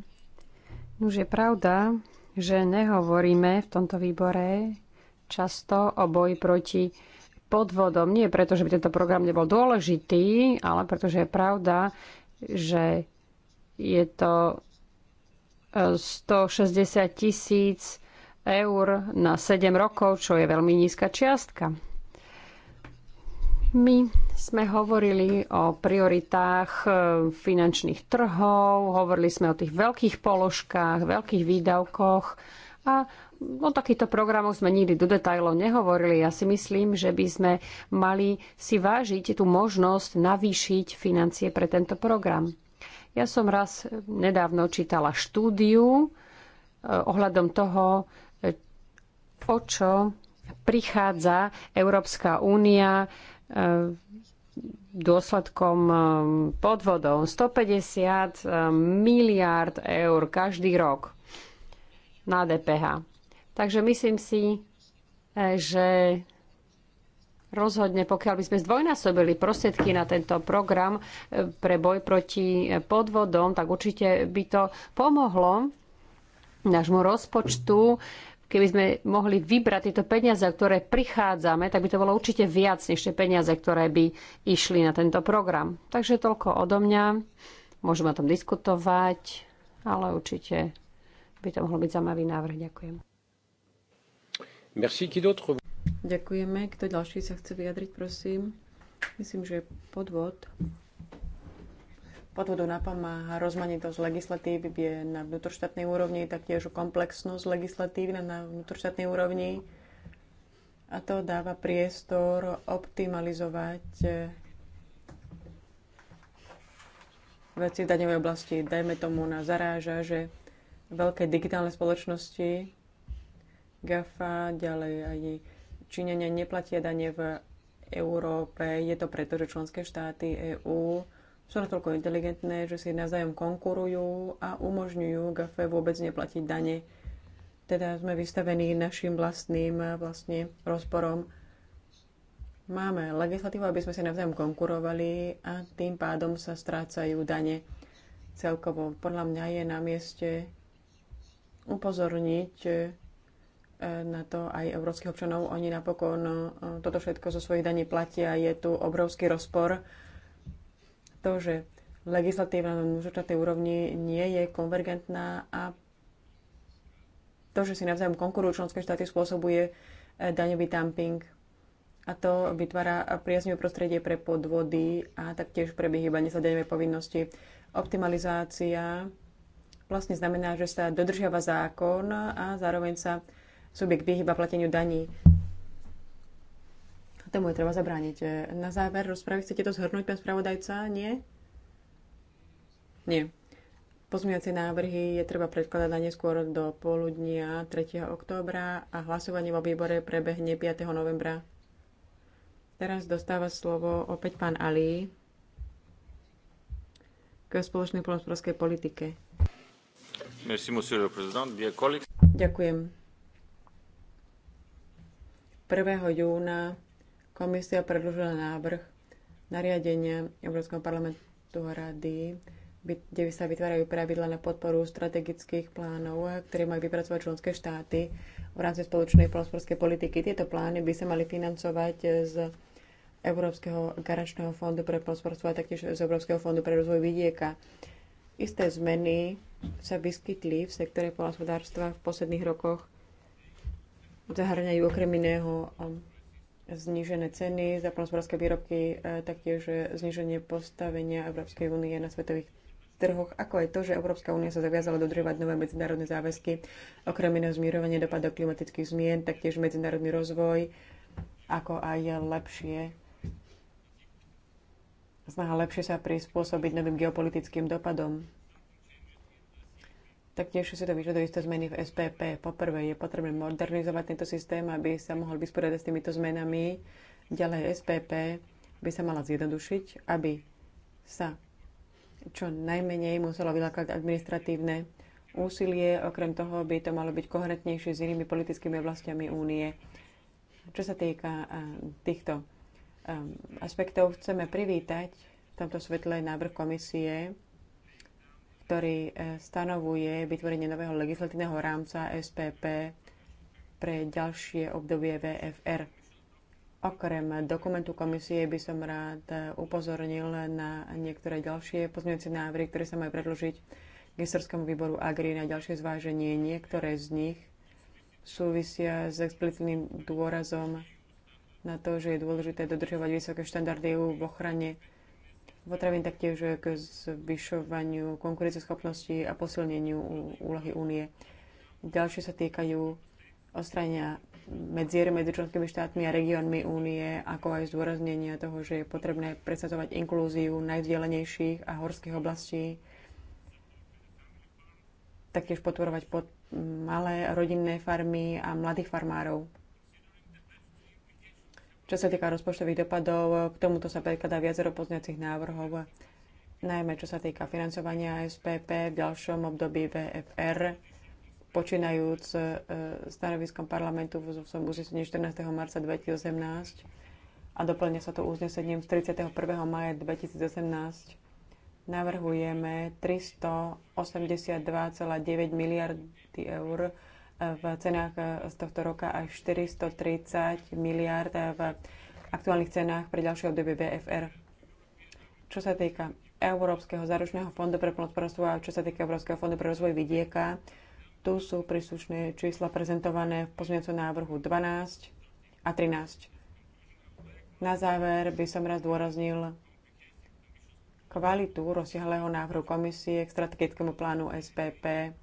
Už je pravda, že nehovoríme v tomto výbore často o boji proti podvodom. Nie preto, že by tento program nebol dôležitý, ale pretože je pravda, že je to 160 e, tisíc eur na 7 rokov, čo je veľmi nízka čiastka. My sme hovorili o prioritách e, finančných trhov, hovorili sme o tých veľkých položkách, veľkých výdavkoch a o takýchto programoch sme nikdy do detajlov nehovorili. Ja si myslím, že by sme mali si vážiť tú možnosť navýšiť financie pre tento program. Ja som raz nedávno čítala štúdiu e, ohľadom toho, e, o čo prichádza Európska únia dôsledkom um, podvodov. 150 um, miliárd eur každý rok na DPH. Takže myslím si, eh, že rozhodne, pokiaľ by sme zdvojnásobili prostriedky na tento program eh, pre boj proti eh, podvodom, tak určite by to pomohlo nášmu rozpočtu keby sme mohli vybrať tieto peniaze, ktoré prichádzame, tak by to bolo určite viac než tie peniaze, ktoré by išli na tento program. Takže toľko odo mňa. Môžeme o tom diskutovať, ale určite by to mohol byť zaujímavý návrh. Ďakujem. Merci, Ďakujeme. Kto ďalší sa chce vyjadriť, prosím? Myslím, že podvod podvodu napomáha rozmanitosť legislatívy je na vnútroštátnej úrovni, taktiež komplexnosť legislatívy na vnútroštátnej úrovni. A to dáva priestor optimalizovať e, veci v daňovej oblasti. Dajme tomu na zaráža, že veľké digitálne spoločnosti, GAFA, ďalej aj Číňania neplatia dane v Európe. Je to preto, že členské štáty EÚ EU sú natoľko inteligentné, že si navzájom konkurujú a umožňujú GAFE vôbec neplatiť dane. Teda sme vystavení našim vlastným eh, vlastne rozporom. Máme legislatívu, aby sme si navzájom konkurovali a tým pádom sa strácajú dane celkovo. Podľa mňa je na mieste upozorniť eh, na to aj európskych občanov. Oni napokon eh, toto všetko zo svojich daní platia. Je tu obrovský rozpor to, že legislatíva na vnútroštátnej úrovni nie je konvergentná a to, že si navzájom konkurujú členské štáty, spôsobuje e, daňový dumping. A to vytvára priaznivé prostredie pre podvody a taktiež pre vyhýbanie sa daňovej povinnosti. Optimalizácia vlastne znamená, že sa dodržiava zákon a zároveň sa subjekt vyhýba plateniu daní. Tomu je treba zabrániť. E, na záver rozpravy chcete to zhrnúť, pán spravodajca? Nie? Nie. Pozmiace návrhy je treba predkladať na neskôr do poludnia 3. októbra a hlasovanie vo výbore prebehne 5. novembra. Teraz dostáva slovo opäť pán Ali k spoločnej polnospodárskej politike. Merci, monsieur le président. Ďakujem. 1. júna Komisia predložila návrh nariadenia Európskeho parlamentu a rady, kde sa vytvárajú pravidla na podporu strategických plánov, ktoré majú vypracovať členské štáty v rámci spoločnej prosporskej politiky. Tieto plány by sa mali financovať z Európskeho garančného fondu pre prosporstvo a taktiež z Európskeho fondu pre rozvoj vidieka. Isté zmeny sa vyskytli v sektore polospodárstva v posledných rokoch. Zahrňajú okrem iného um, znížené ceny za plnospodárske výrobky, e, taktiež e, zníženie postavenia Európskej únie na svetových trhoch, ako aj to, že Európska únia sa zaviazala dodržovať nové medzinárodné záväzky, okrem iného zmierovania dopadov klimatických zmien, taktiež medzinárodný rozvoj, ako aj lepšie snaha lepšie sa prispôsobiť novým geopolitickým dopadom Taktiež si to vyžaduje isté zmeny v SPP. Poprvé je potrebné modernizovať tento systém, aby sa mohol vysporiadať s týmito zmenami. Ďalej SPP by sa mala zjednodušiť, aby sa čo najmenej muselo vylákať administratívne úsilie. Okrem toho by to malo byť koherentnejšie s inými politickými oblastiami únie. Čo sa týka eh, týchto eh, aspektov, chceme privítať v tomto svetle návrh komisie ktorý e, stanovuje vytvorenie nového legislatívneho rámca SPP pre ďalšie obdobie VFR. Okrem dokumentu komisie by som rád e, upozornil na niektoré ďalšie pozmeňujúce návrhy, ktoré sa majú predložiť ministerskému výboru Agri na ďalšie zváženie. Niektoré z nich súvisia s explicitným dôrazom na to, že je dôležité dodržovať vysoké štandardy EU v ochrane potravín taktiež eh, k zvyšovaniu konkurenceschopnosti a posilneniu úlohy únie. Ďalšie sa týkajú ostrania medzier medzi členskými štátmi a regiónmi únie, ako aj zdôraznenia toho, že je potrebné presadzovať inklúziu najvzdialenejších a horských oblastí, taktiež potvorovať pod malé rodinné farmy a mladých farmárov. Čo sa týka rozpočtových dopadov, k tomuto sa prekladá viacero pozniacich návrhov, najmä čo sa týka financovania SPP v ďalšom období VFR, počínajúc e, stanoviskom parlamentu v svojom uznesení 14. marca 2018 a doplňa sa to uznesením z 31. maja 2018 navrhujeme 382,9 miliardy eur v cenách eh, z tohto roka až 430 miliard v aktuálnych cenách pre ďalšie obdobie BFR. Čo sa týka Európskeho záručného fondu pre plnospodárstvo a čo sa týka Európskeho fondu pre rozvoj vidieka, tu sú príslušné čísla prezentované v pozmeňujúcom návrhu 12 a 13. Na záver by som raz dôraznil kvalitu rozsiahleho návrhu komisie k strategickému plánu SPP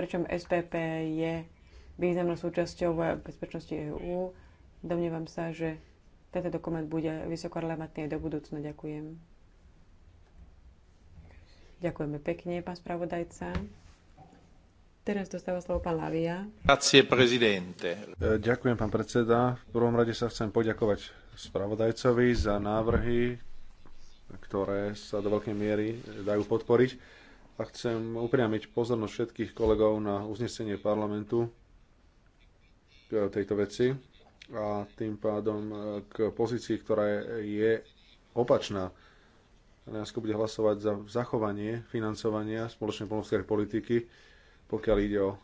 pričom SPP je významnou súčasťou bezpečnosti EÚ. Domnievam sa, že tento dokument bude vysoko relevantný aj do budúcna. Ďakujem. Ďakujeme pekne, pán spravodajca. Teraz dostáva slovo pán Lavia. E, ďakujem, pán predseda. V prvom rade sa chcem poďakovať spravodajcovi za návrhy, ktoré sa do veľkej miery dajú podporiť a chcem upriamiť pozornosť všetkých kolegov na uznesenie parlamentu k tejto veci a tým pádom k pozícii, ktorá je opačná. Násko bude hlasovať za zachovanie financovania spoločnej polnohospodárskej politiky, pokiaľ ide o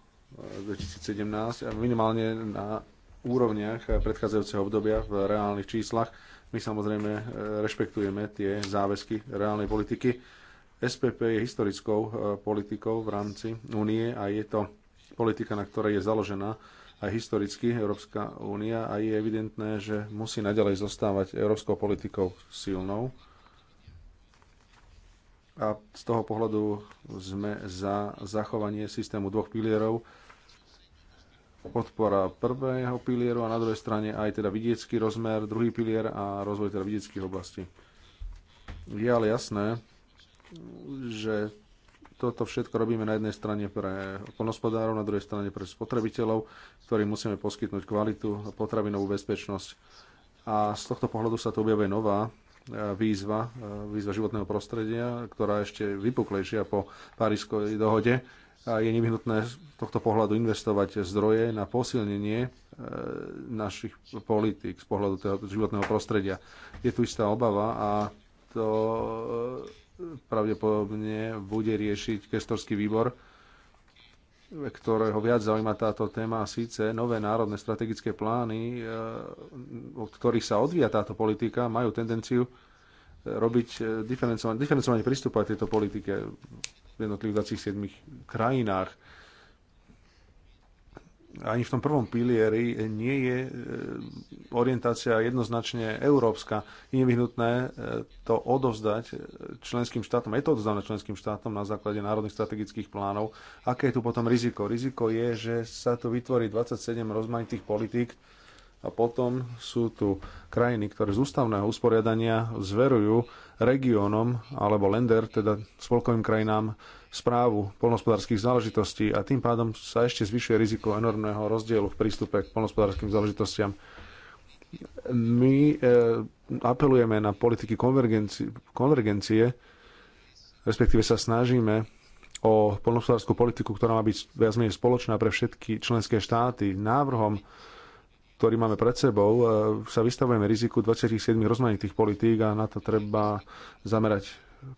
2017, e, minimálne na úrovniach predchádzajúceho obdobia v reálnych číslach. My samozrejme e, rešpektujeme tie záväzky reálnej politiky SPP je historickou e, politikou v rámci únie a je to politika, na ktorej je založená aj historicky Európska únia a je evidentné, že musí naďalej zostávať európskou politikou silnou. A z toho pohľadu sme za zachovanie systému dvoch pilierov, podpora prvého pilieru a na druhej strane aj teda vidiecký rozmer, druhý pilier a rozvoj teda vidieckých oblastí. Je ale jasné, že toto všetko robíme na jednej strane pre polnospodárov, na druhej strane pre spotrebiteľov, ktorým musíme poskytnúť kvalitu a potravinovú bezpečnosť. A z tohto pohľadu sa tu objavuje nová e, výzva, e, výzva životného prostredia, ktorá je ešte vypuklejšia po Parískoj dohode. A je nevyhnutné z tohto pohľadu investovať zdroje na posilnenie e, našich politík z pohľadu toho životného prostredia. Je tu istá obava a to pravdepodobne bude riešiť kestorský výbor, ktorého viac zaujíma táto téma, síce nové národné strategické plány, eh, od ktorých sa odvíja táto politika, majú tendenciu eh, robiť eh, diferencovanie, diferencovanie prístupa tejto politike v jednotlivých 27 krajinách ani v tom prvom pilieri nie je e, orientácia jednoznačne európska. Je nevyhnutné e, to odovzdať členským štátom. Je to odovzdané členským štátom na základe národných strategických plánov. Aké je tu potom riziko? Riziko je, že sa tu vytvorí 27 rozmanitých politík, a potom sú tu krajiny, ktoré z ústavného usporiadania zverujú regiónom alebo lender, teda spolkovým krajinám, správu polnospodárských záležitostí a tým pádom sa ešte zvyšuje riziko enormného rozdielu v prístupe k polnospodárským záležitostiam. My e, apelujeme na politiky konvergencie, konvergencie, respektíve sa snažíme o polnospodárskú politiku, ktorá má byť viac menej spoločná pre všetky členské štáty. Návrhom ktorý máme pred sebou, e, sa vystavujeme riziku 27 rozmanitých politík a na to treba zamerať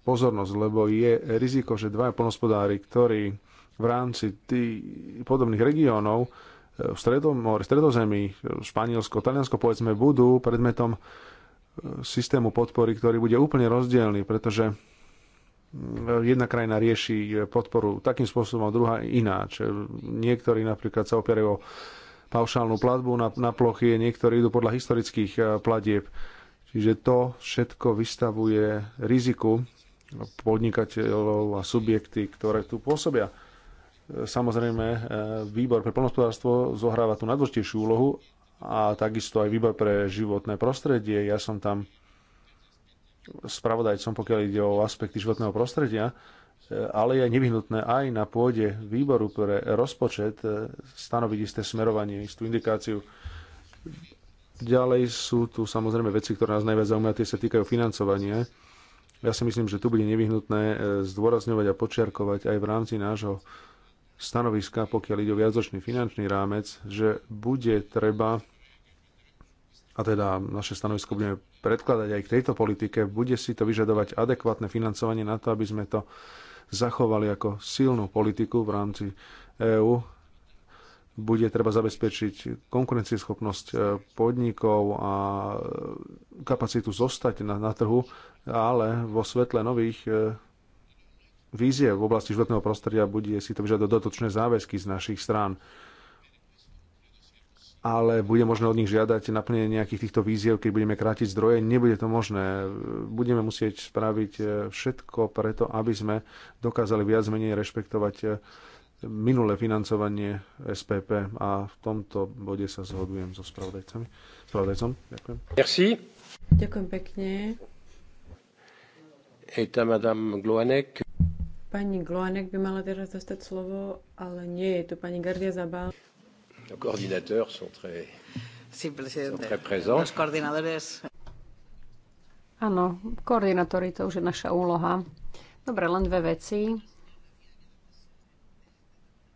pozornosť, lebo je riziko, že dvaja polnospodári, ktorí v rámci tých podobných regiónov e, v Stredomor, Stredozemí, Španielsko, Taliansko, povedzme, budú predmetom e, systému podpory, ktorý bude úplne rozdielny, pretože jedna krajina rieši podporu takým spôsobom, a druhá ináč. Niektorí napríklad sa opierajú o paušálnu platbu na, na plochy, niektorí idú podľa historických eh, platieb. Čiže to všetko vystavuje riziku podnikateľov a subjekty, ktoré tu pôsobia. Eh, samozrejme, eh, výbor pre plnohospodárstvo zohráva tú najdôležitejšiu úlohu a takisto aj výbor pre životné prostredie. Ja som tam spravodajcom, pokiaľ ide o aspekty životného prostredia ale je nevyhnutné aj na pôde výboru pre rozpočet e, stanoviť isté smerovanie, istú indikáciu. Ďalej sú tu samozrejme veci, ktoré nás najviac zaujímajú, tie sa týkajú financovania. Ja si myslím, že tu bude nevyhnutné e, zdôrazňovať a počiarkovať aj v rámci nášho stanoviska, pokiaľ ide o viacročný finančný rámec, že bude treba, a teda naše stanovisko budeme predkladať aj k tejto politike, bude si to vyžadovať adekvátne financovanie na to, aby sme to zachovali ako silnú politiku v rámci EÚ. Bude treba zabezpečiť konkurencieschopnosť e, podnikov a e, kapacitu zostať na, na trhu, ale vo svetle nových e, vízie v oblasti životného prostredia bude si to vyžadať dodatočné záväzky z našich strán ale bude možné od nich žiadať naplnenie nejakých týchto víziev, keď budeme krátiť zdroje. Nebude to možné. Budeme musieť spraviť e, všetko preto, aby sme dokázali viac menej rešpektovať e, minulé financovanie SPP a v tomto bode sa zhodujem so spravodajcami. Spravodajcom, ďakujem. Merci. Ďakujem pekne. Eta madame Gloanek. Pani Gloanek by mala teraz dostať slovo, ale nie je tu pani Gardia Zabal. Los coordinadores son très, sí, sont très présents. Los coordinadores... Áno, koordinátori, to už je naša úloha. Dobre, len dve veci.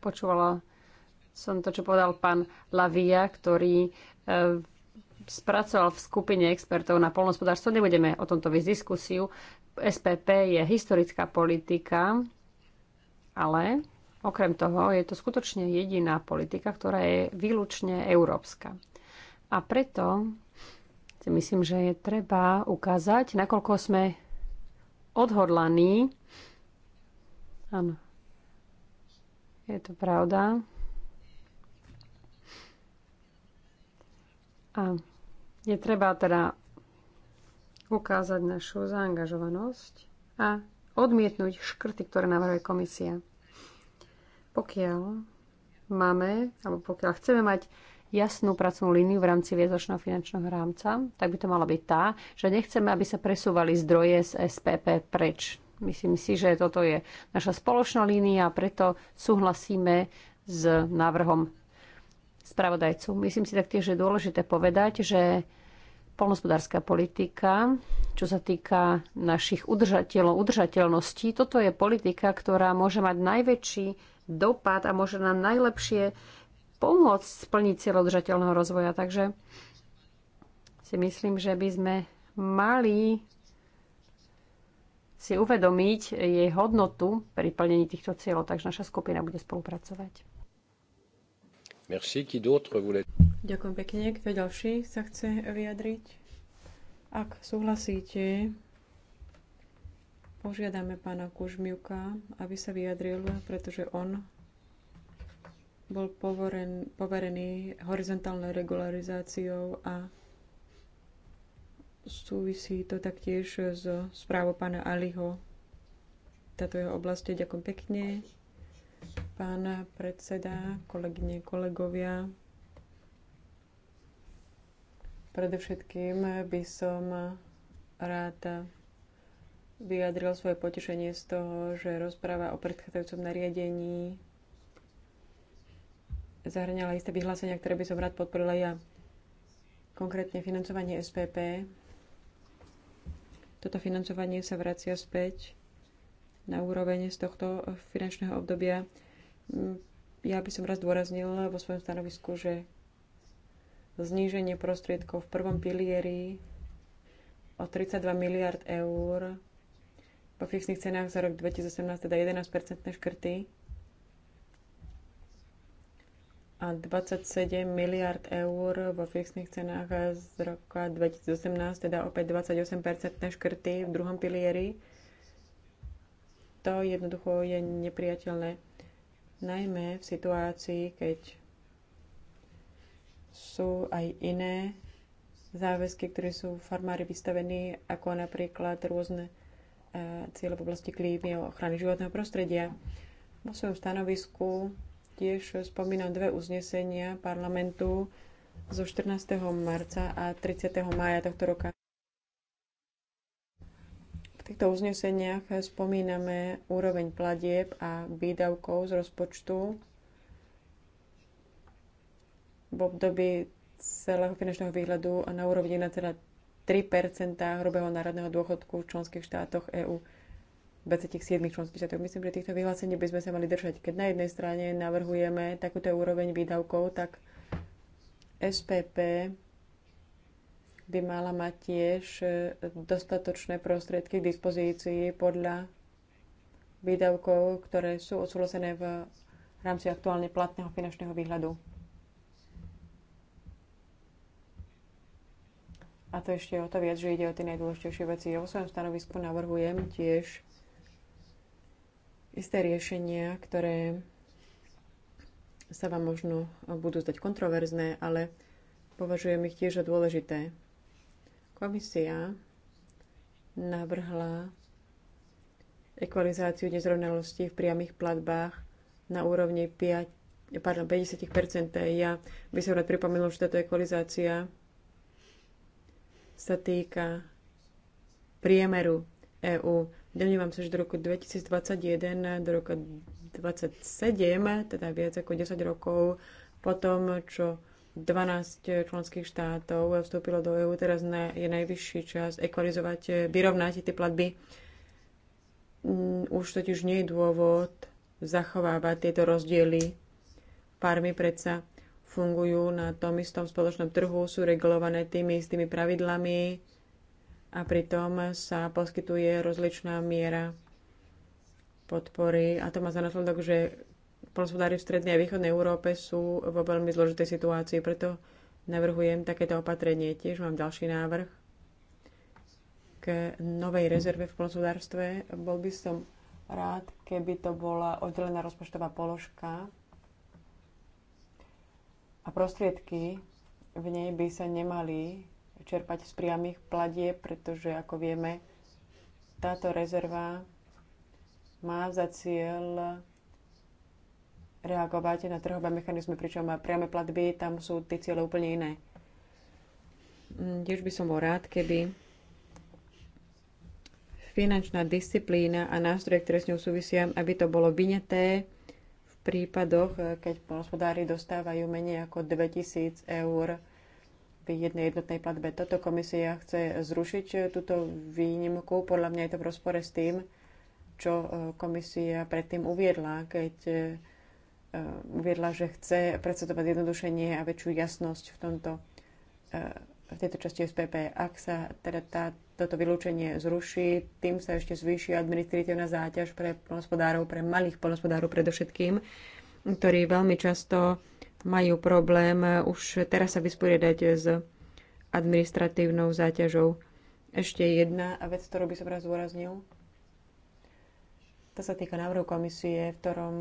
Počúvala som to, čo povedal pán Lavia, ktorý e, spracoval v skupine expertov na polnospodárstvo. Nebudeme o tomto viesť diskusiu. SPP je historická politika, ale Okrem toho je to skutočne jediná politika, ktorá je výlučne európska. A preto si myslím, že je treba ukázať, nakoľko sme odhodlaní. Áno, je to pravda. A je treba teda ukázať našu zaangažovanosť a odmietnúť škrty, ktoré navrhuje komisia. Pokiaľ máme, alebo pokiaľ chceme mať jasnú pracovnú líniu v rámci viezočného finančného rámca, tak by to mala byť tá, že nechceme, aby sa presúvali zdroje z SPP preč. Myslím si, že toto je naša spoločná línia a preto súhlasíme s návrhom spravodajcu. Myslím si taktiež, že je dôležité povedať, že polnospodárska politika, čo sa týka našich udržateľov, udržateľnosti. Toto je politika, ktorá môže mať najväčší dopad a môže nám najlepšie pomôcť splniť cieľ udržateľného rozvoja. Takže si myslím, že by sme mali si uvedomiť jej hodnotu pri plnení týchto cieľov. Takže naša skupina bude spolupracovať. Merci. Qui d'autre voulait... Ďakujem pekne. Kto ďalší sa chce vyjadriť? Ak súhlasíte, požiadame pána Kužmiuka, aby sa vyjadril, pretože on bol povoren, poverený horizontálnou regularizáciou a súvisí to taktiež so správou pána Aliho. Táto jeho oblasti. Ďakujem pekne pán predseda, kolegyne, kolegovia. Predovšetkým by som rád vyjadril svoje potešenie z toho, že rozpráva o predchádzajúcom nariadení zahrňala isté vyhlásenia, ktoré by som rád podporila ja. Konkrétne financovanie SPP. Toto financovanie sa vracia späť na úroveň z tohto finančného obdobia Mm, ja by som raz dôraznila vo svojom stanovisku, že zníženie prostriedkov v prvom pilieri o 32 miliard eur po fixných cenách za rok 2018, teda 11 škrty a 27 miliard eur vo fixných cenách z roka 2018, teda opäť 28 škrty v druhom pilieri. To jednoducho je nepriateľné najmä v situácii, keď sú aj iné záväzky, ktoré sú farmári vystavení, ako napríklad rôzne e, cieľe v oblasti klímy a ochrany životného prostredia. Vo svojom stanovisku tiež spomínam dve uznesenia parlamentu zo 14. marca a 30. mája tohto roka týchto uzneseniach spomíname úroveň platieb a výdavkov z rozpočtu v období celého finančného výhľadu a na úrovni 1,3 hrubého národného dôchodku v členských štátoch EÚ 27 členských štátov. Myslím, že týchto vyhlásení by sme sa mali držať. Keď na jednej strane navrhujeme takúto úroveň výdavkov, tak SPP by mala mať tiež e, dostatočné prostriedky k dispozícii podľa výdavkov, ktoré sú odsúhlasené v rámci aktuálne platného finančného výhľadu. A to ešte o to viac, že ide o tie najdôležitejšie veci. Ja vo svojom stanovisku navrhujem tiež isté riešenia, ktoré sa vám možno budú zdať kontroverzné, ale považujem ich tiež za dôležité. Komisia navrhla ekvalizáciu nezrovnalostí v priamých platbách na úrovni 5, pardon, 50 Ja by som rád pripomenul, že táto ekvalizácia sa týka priemeru EÚ. Domnívam sa, že do roku 2021 do roku 2027, teda viac ako 10 rokov po tom, čo 12 eh, členských štátov vstúpilo do EÚ, teraz na, je najvyšší čas ekvalizovať, eh, vyrovnať tie platby. Mm, už totiž nie je dôvod zachovávať tieto rozdiely. Farmy predsa fungujú na tom istom spoločnom trhu, sú regulované tými istými pravidlami a pritom sa poskytuje rozličná miera podpory a to má za následok, že Polnospodári v strednej a východnej Európe sú vo veľmi zložitej situácii, preto navrhujem takéto opatrenie. Tiež mám ďalší návrh k novej rezerve v polnospodárstve. Bol by som rád, keby to bola oddelená rozpočtová položka a prostriedky v nej by sa nemali čerpať z priamých pladie, pretože ako vieme, táto rezerva má za cieľ reagovať na trhové mechanizmy, pričom priame platby, tam sú tie cieľe úplne iné. Mm, tiež by som bol rád, keby finančná disciplína a nástroje, ktoré s ňou súvisia, aby to bolo vyneté v prípadoch, eh, keď hospodári dostávajú menej ako 2000 eur v jednej jednotnej platbe. Toto komisia chce zrušiť eh, túto výnimku. Podľa mňa je to v rozpore s tým, čo eh, komisia predtým uviedla, keď Eh, uviedla, že chce predsedovať jednodušenie a väčšiu jasnosť v, tomto, eh, v tejto časti SPP. Ak sa teda tá, toto vylúčenie zruší, tým sa ešte zvýši administratívna záťaž pre polnospodárov, pre malých polnospodárov predovšetkým, ktorí veľmi často majú problém eh, už teraz sa vysporiadať s administratívnou záťažou. Ešte jedna vec, ktorú by som raz zúraznil. To sa týka návrhu komisie, v ktorom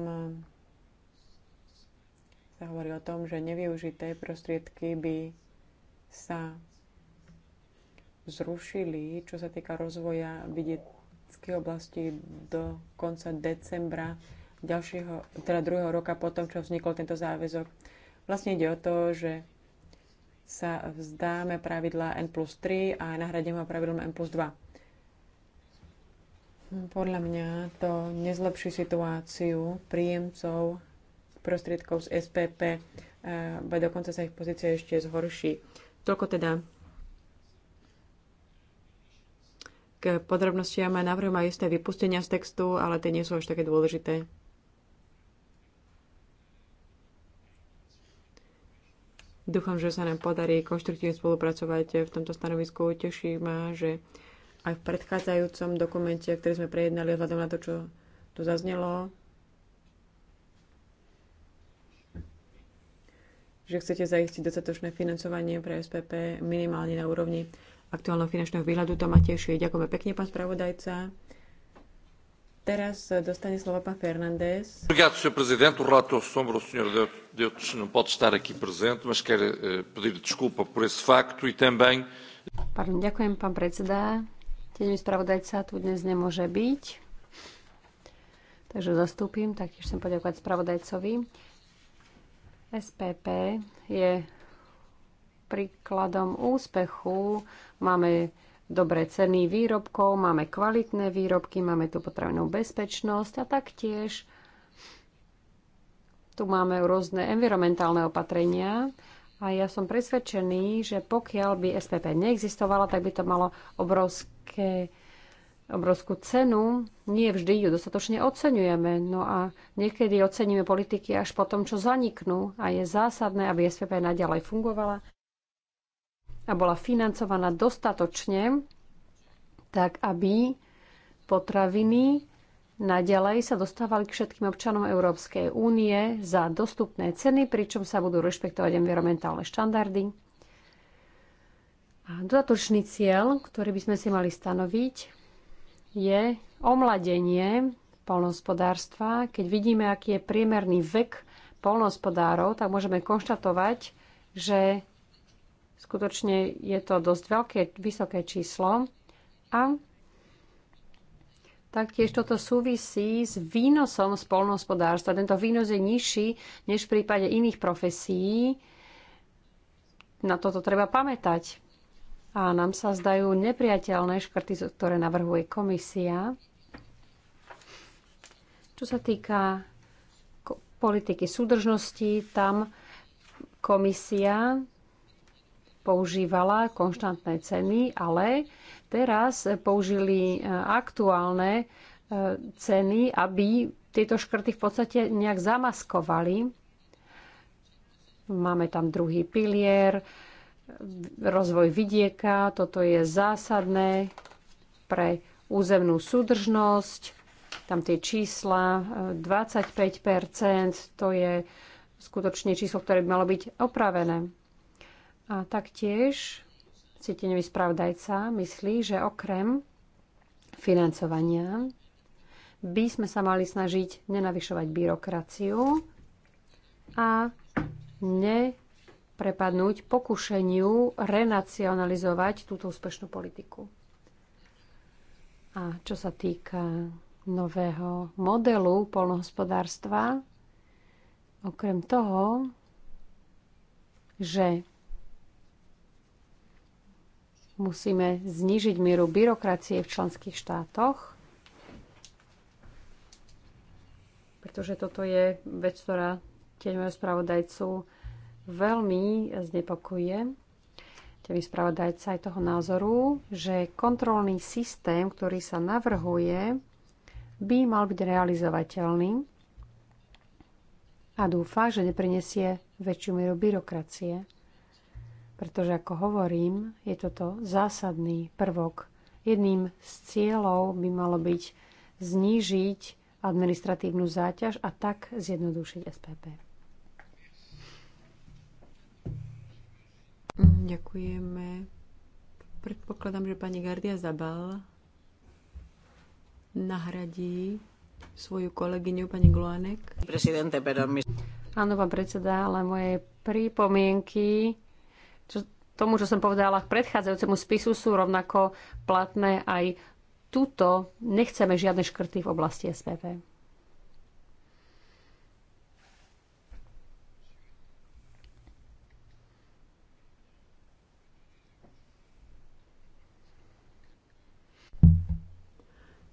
sa hovorí o tom, že nevyužité prostriedky by sa zrušili, čo sa týka rozvoja vidieckej oblasti do konca decembra ďalšieho, teda druhého roka potom čo vznikol tento záväzok. Vlastne ide o to, že sa vzdáme pravidla N plus 3 a nahradíme ho pravidlom N plus 2. Podľa mňa to nezlepší situáciu príjemcov prostriedkov z SPP, eh, ba dokonca sa ich pozícia ešte zhorší. Toľko teda k podrobnostiam navrhujem aj isté vypustenia z textu, ale tie nie sú až také dôležité. Dúfam, že sa nám podarí konštruktívne spolupracovať v tomto stanovisku. Teší ma, že aj v predchádzajúcom dokumente, ktorý sme prejednali vzhľadom na to, čo tu zaznelo, že chcete zaistiť dostatočné financovanie pre SPP minimálne na úrovni aktuálneho finančného výhľadu. To ma tešuje. Ďakujeme pekne, pán spravodajca. Teraz dostane slovo pán Fernández. Ďakujem, pán prezident. O relator sombra, o Sr. Deutsch, não pode estar aqui prezident, mas quer eh, pedir disculpa por esse facto i e também... Pardon, ďakujem, pán predseda. Tiež spravodajca tu dnes nemôže byť, takže zastúpim. Taktiež chcem poďakovať spravodajcovi. SPP je príkladom úspechu. Máme dobré ceny výrobkov, máme kvalitné výrobky, máme tu potravinovú bezpečnosť a taktiež tu máme rôzne environmentálne opatrenia. A ja som presvedčený, že pokiaľ by SPP neexistovala, tak by to malo obrovské obrovskú cenu, nie vždy ju dostatočne oceňujeme. No a niekedy oceníme politiky až po tom, čo zaniknú a je zásadné, aby SPP naďalej fungovala a bola financovaná dostatočne, tak aby potraviny naďalej sa dostávali k všetkým občanom Európskej únie za dostupné ceny, pričom sa budú rešpektovať environmentálne štandardy. A dodatočný cieľ, ktorý by sme si mali stanoviť, je omladenie polnospodárstva. Keď vidíme, aký je priemerný vek polnospodárov, tak môžeme konštatovať, že skutočne je to dosť veľké, vysoké číslo. A taktiež toto súvisí s výnosom polnospodárstva. Tento výnos je nižší než v prípade iných profesí. Na toto treba pamätať a nám sa zdajú nepriateľné škrty, ktoré navrhuje komisia. Čo sa týka politiky súdržnosti, tam komisia používala konštantné ceny, ale teraz použili e, aktuálne e, ceny, aby tieto škrty v podstate nejak zamaskovali. Máme tam druhý pilier, rozvoj vidieka. Toto je zásadné pre územnú súdržnosť. Tam tie čísla 25 eh, to je skutočne číslo, ktoré by malo byť opravené. A taktiež cíteňový spravdajca myslí, že okrem financovania by sme sa mali snažiť nenavyšovať byrokraciu a ne prepadnúť pokušeniu renacionalizovať túto úspešnú politiku. A čo sa týka nového modelu polnohospodárstva, okrem toho, že musíme znižiť mieru byrokracie v členských štátoch, pretože toto je vec, ktorá tieňového spravodajcu veľmi znepokuje dať spravodajca aj toho názoru, že kontrolný systém, ktorý sa navrhuje, by mal byť realizovateľný a dúfa, že neprinesie väčšiu mieru byrokracie. Pretože, ako hovorím, je toto zásadný prvok. Jedným z cieľov by malo byť znížiť administratívnu záťaž a tak zjednodušiť SPP. Ďakujeme. Predpokladám, že pani Gardia Zabal nahradí svoju kolegyňu pani Gloanek. Prezidente, pero mi... Áno, pán predseda, ale moje prípomienky čo, tomu, čo som povedala k predchádzajúcemu spisu, sú rovnako platné aj tuto. Nechceme žiadne škrty v oblasti SPP.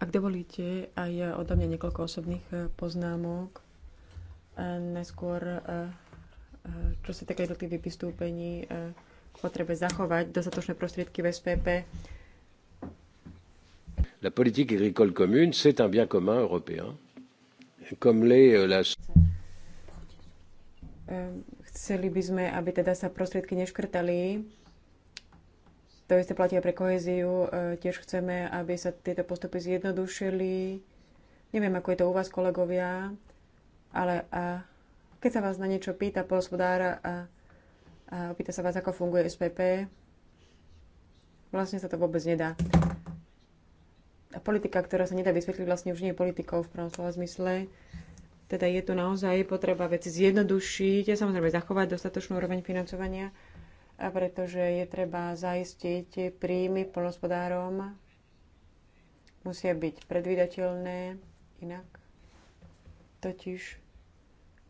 Ak dovolíte, aj odo mňa niekoľko osobných e, poznámok. E, neskôr, e, čo sa týka jednotlivých vystúpení, k potrebe zachovať dostatočné prostriedky v SPP. La politique agricole commune, c'est un bien commun européen, comme les, euh, la... Chceli by sme, aby teda sa prostriedky neškrtali to isté platí aj pre koheziu. E, tiež chceme, aby sa tieto postupy zjednodušili. Neviem, ako je to u vás, kolegovia, ale a, keď sa vás na niečo pýta polospodára a, a pýta sa vás, ako funguje SPP, vlastne sa to vôbec nedá. A politika, ktorá sa nedá vysvetliť, vlastne už nie je politikou v prvom slova zmysle. Teda je tu naozaj potreba veci zjednodušiť a samozrejme zachovať dostatočnú úroveň financovania a pretože je treba zaistiť príjmy polnospodárom. Musia byť predvydateľné, inak totiž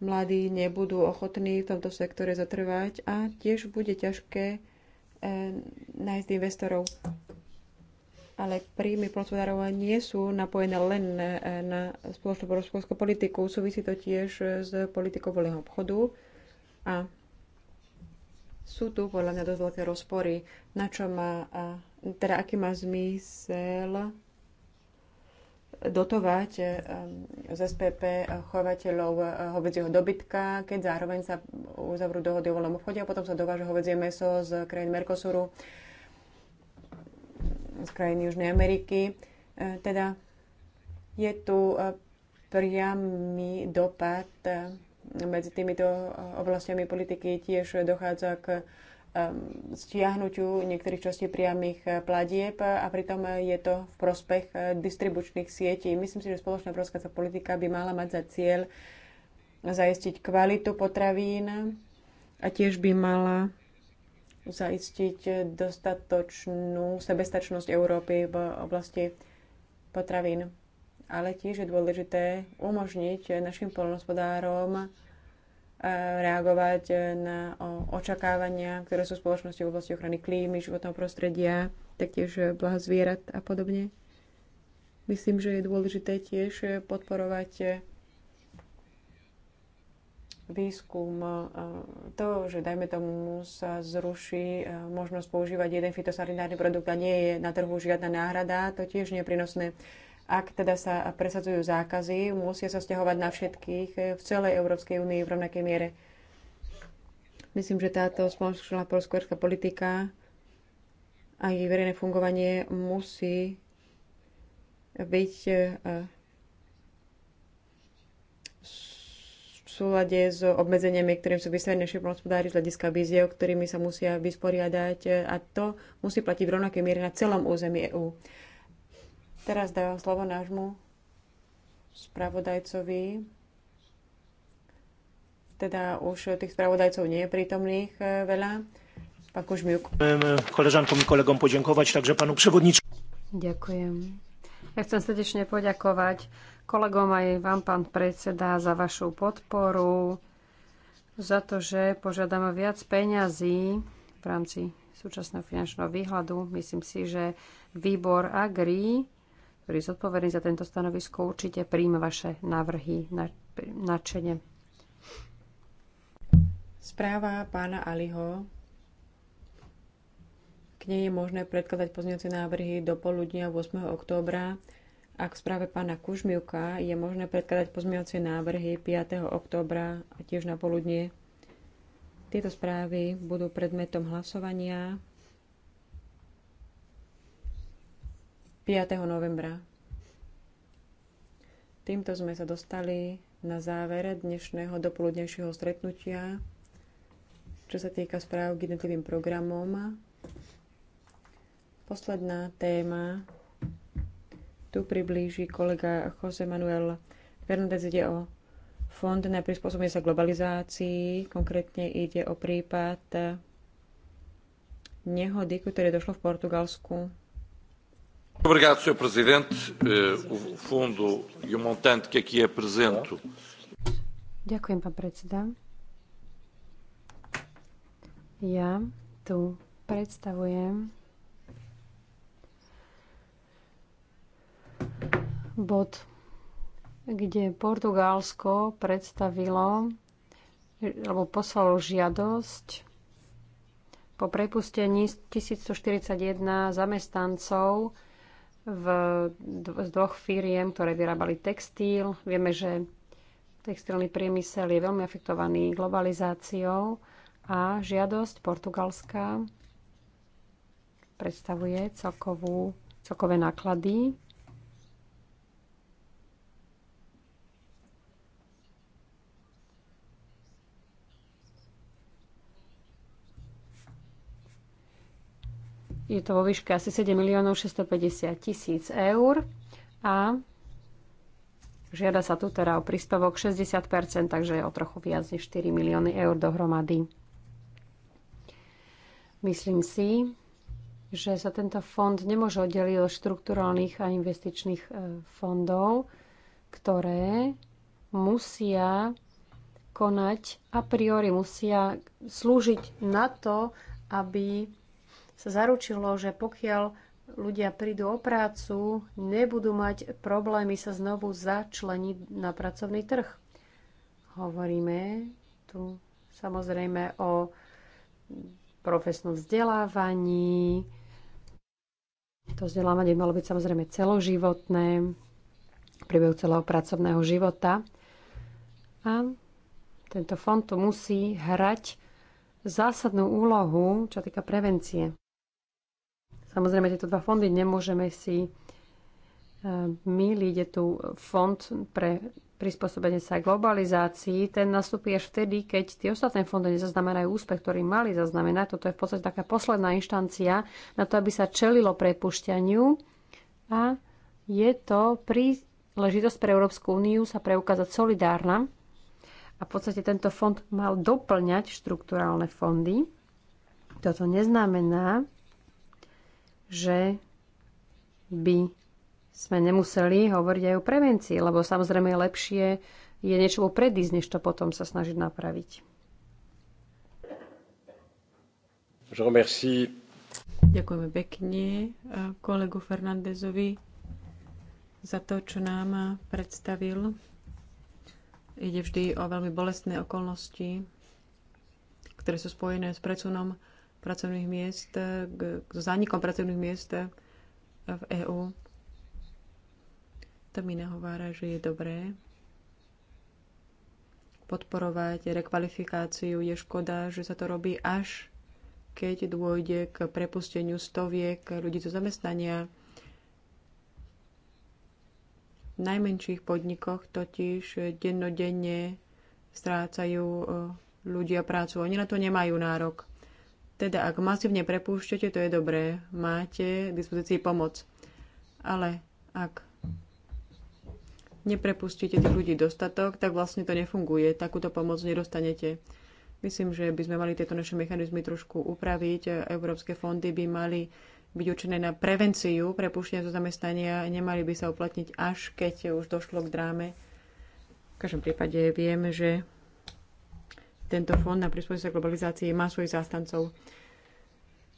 mladí nebudú ochotní v tomto sektore zatrvať a tiež bude ťažké e, nájsť investorov. Ale príjmy plnospodárov nie sú napojené len e, na spoločnú polnospodárskú politiku, súvisí to tiež s politikou voľného obchodu a sú tu podľa mňa dosť veľké rozpory, na čo má, teda aký má zmysel dotovať ehm, z SPP chovateľov eh, hovedzieho dobytka, keď zároveň sa uzavrú dohody o voľnom obchode a potom sa dováža hovedzie meso z krajín Mercosuru, z krajín Južnej Ameriky. Eh, teda je tu eh, priamy dopad medzi týmito eh, oblastiami politiky tiež dochádza k stiahnutiu niektorých častí priamých eh, platieb a pritom je to v prospech eh, distribučných sietí. Myslím si, že spoločná proskaca politika by mala mať za cieľ zaistiť kvalitu potravín a tiež by mala zaistiť dostatočnú sebestačnosť Európy v oblasti potravín ale tiež je dôležité umožniť našim polnospodárom eh, reagovať na očakávania, ktoré sú spoločnosti v oblasti ochrany klímy, životného prostredia, taktiež blaha zvierat a podobne. Myslím, že je dôležité tiež podporovať výskum eh, to, že dajme tomu sa zruší eh, možnosť používať jeden fitosanitárny produkt a nie je na trhu žiadna náhrada, to tiež nie je prínosné. Ak teda sa presadzujú zákazy, musia sa stiahovať na všetkých v celej Európskej únii v rovnakej miere. Myslím, že táto spoločná proskôrská politika a jej verejné fungovanie musí byť e, v súlade s obmedzeniami, ktorým sú vystavení naši z hľadiska víziev, ktorými sa musia vysporiadať e, a to musí platiť v rovnakej miere na celom území EÚ. Teraz dávam slovo nášmu spravodajcovi. Teda už tých spravodajcov nie je prítomných eh, veľa. Pán Kužmiuk. Eh, Koležankom i kolegom podziękować, takže panu przewodniczącemu. Ďakujem. Ja chcem srdečne poďakovať kolegom aj vám, pán predseda, za vašu podporu, za to, že požiadame viac peňazí v rámci súčasného finančného výhľadu. Myslím si, že výbor Agri ktorý je zodpovedný za tento stanovisko, určite príjme vaše návrhy na, čene. Správa pána Aliho k nej je možné predkladať pozňujúce návrhy do poludnia 8. októbra a k správe pána Kužmiuka je možné predkladať pozmeňovacie návrhy 5. októbra a tiež na poludnie. Tieto správy budú predmetom hlasovania 5. novembra. Týmto sme sa dostali na záver dnešného dopoludnejšieho stretnutia, čo sa týka správ k jednotlivým programom. Posledná téma tu priblíži kolega Jose Manuel Fernández. Ide o fond na prispôsobenie sa globalizácii. Konkrétne ide o prípad nehody, ktoré došlo v Portugalsku. Obrigado, Sr. Presidente. Eh, o fundo e o montante que aqui apresento. Ďakujem, pán predseda. Ja tu predstavujem bod, kde Portugalsko predstavilo alebo poslalo žiadosť po prepustení 1141 zamestnancov v, z dvoch firiem, ktoré vyrábali textíl. Vieme, že textilný priemysel je veľmi afektovaný globalizáciou a žiadosť Portugalska predstavuje celkovú, celkové náklady Je to vo výške asi 7 miliónov 650 tisíc eur a žiada sa tu teda o príspevok 60%, takže je o trochu viac než 4 milióny eur dohromady. Myslím si, že sa tento fond nemôže oddeliť od štrukturálnych a investičných e, fondov, ktoré musia konať a priori musia slúžiť na to, aby sa zaručilo, že pokiaľ ľudia prídu o prácu, nebudú mať problémy sa znovu začleniť na pracovný trh. Hovoríme tu samozrejme o profesnom vzdelávaní. To vzdelávanie malo byť samozrejme celoživotné, priebehu celého pracovného života. A tento fond tu musí hrať zásadnú úlohu, čo týka prevencie. Samozrejme, tieto dva fondy nemôžeme si e, myliť, Je tu fond pre prispôsobenie sa globalizácii. Ten nastupí až vtedy, keď tie ostatné fondy nezaznamenajú úspech, ktorý mali zaznamenať. Toto je v podstate taká posledná inštancia na to, aby sa čelilo prepušťaniu. A je to príležitosť pre Európsku úniu sa preukázať solidárna. A v podstate tento fond mal doplňať štruktúrálne fondy. Toto neznamená, že by sme nemuseli hovoriť aj o prevencii, lebo samozrejme lepšie je niečo predísť, než to potom sa snažiť napraviť. Ďakujeme pekne eh, kolegu Fernandezovi za to, čo nám predstavil. Ide vždy o veľmi bolestné okolnosti, ktoré sú spojené s predsunom pracovných miest, e, k, k zánikom pracovných miest e, v EÚ. To mi nahovára, že je dobré podporovať rekvalifikáciu. Je škoda, že sa to robí až keď dôjde k prepusteniu stoviek ľudí zo zamestnania. V najmenších podnikoch totiž dennodenne strácajú e, ľudia prácu. Oni na to nemajú nárok. Teda ak masívne prepúšťate, to je dobré. Máte k dispozícii pomoc. Ale ak neprepustíte tých ľudí dostatok, tak vlastne to nefunguje. Takúto pomoc nedostanete. Myslím, že by sme mali tieto naše mechanizmy trošku upraviť. Európske fondy by mali byť určené na prevenciu prepúšťania zo zamestnania. Nemali by sa uplatniť až keď už došlo k dráme. V každom prípade viem, že tento fond na prispôsobenie sa globalizácii má svojich zástancov.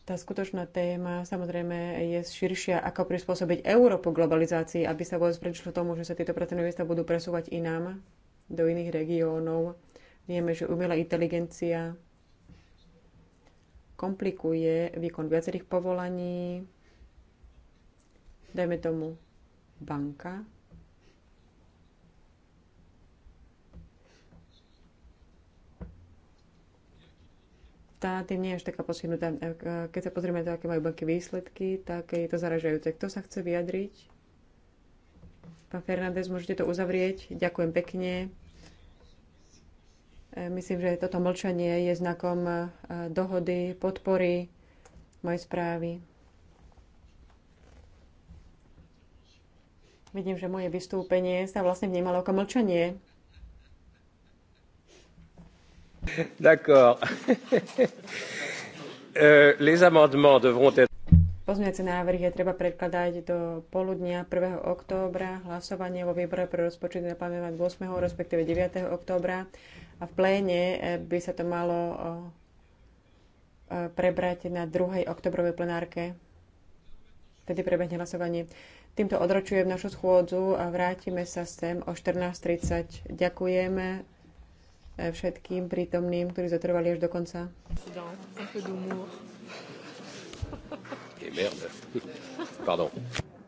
Tá skutočná téma samozrejme je širšia, ako prispôsobiť Európu globalizácii, aby sa vôbec predišlo tomu, že sa tieto pracovné miesta budú presúvať inám, do iných regiónov. Vieme, že umelá inteligencia komplikuje výkon viacerých povolaní, dajme tomu banka, tá tým nie je až taká posunutá. Keď sa pozrieme to, aké majú banky výsledky, tak je to zaražajúce. Kto sa chce vyjadriť? Pán Fernández, môžete to uzavrieť. Ďakujem pekne. E, myslím, že toto mlčanie je znakom e, dohody, podpory mojej správy. Vidím, že moje vystúpenie sa vlastne vnímalo ako mlčanie D'accord. Euh, les amendements devront être... Pozmeňujúce návrhy je treba predkladať do poludnia 1. októbra, hlasovanie vo výbore pre rozpočet naplánovať 8. respektíve 9. októbra a v pléne eh, by sa to malo eh, prebrať na 2. oktobrovej plenárke. Tedy prebehne hlasovanie. Týmto odročujem našu schôdzu a vrátime sa sem o 14.30. Ďakujeme všetkým prítomným, ktorí zotrvali až do konca. Eh, merde. Pardon.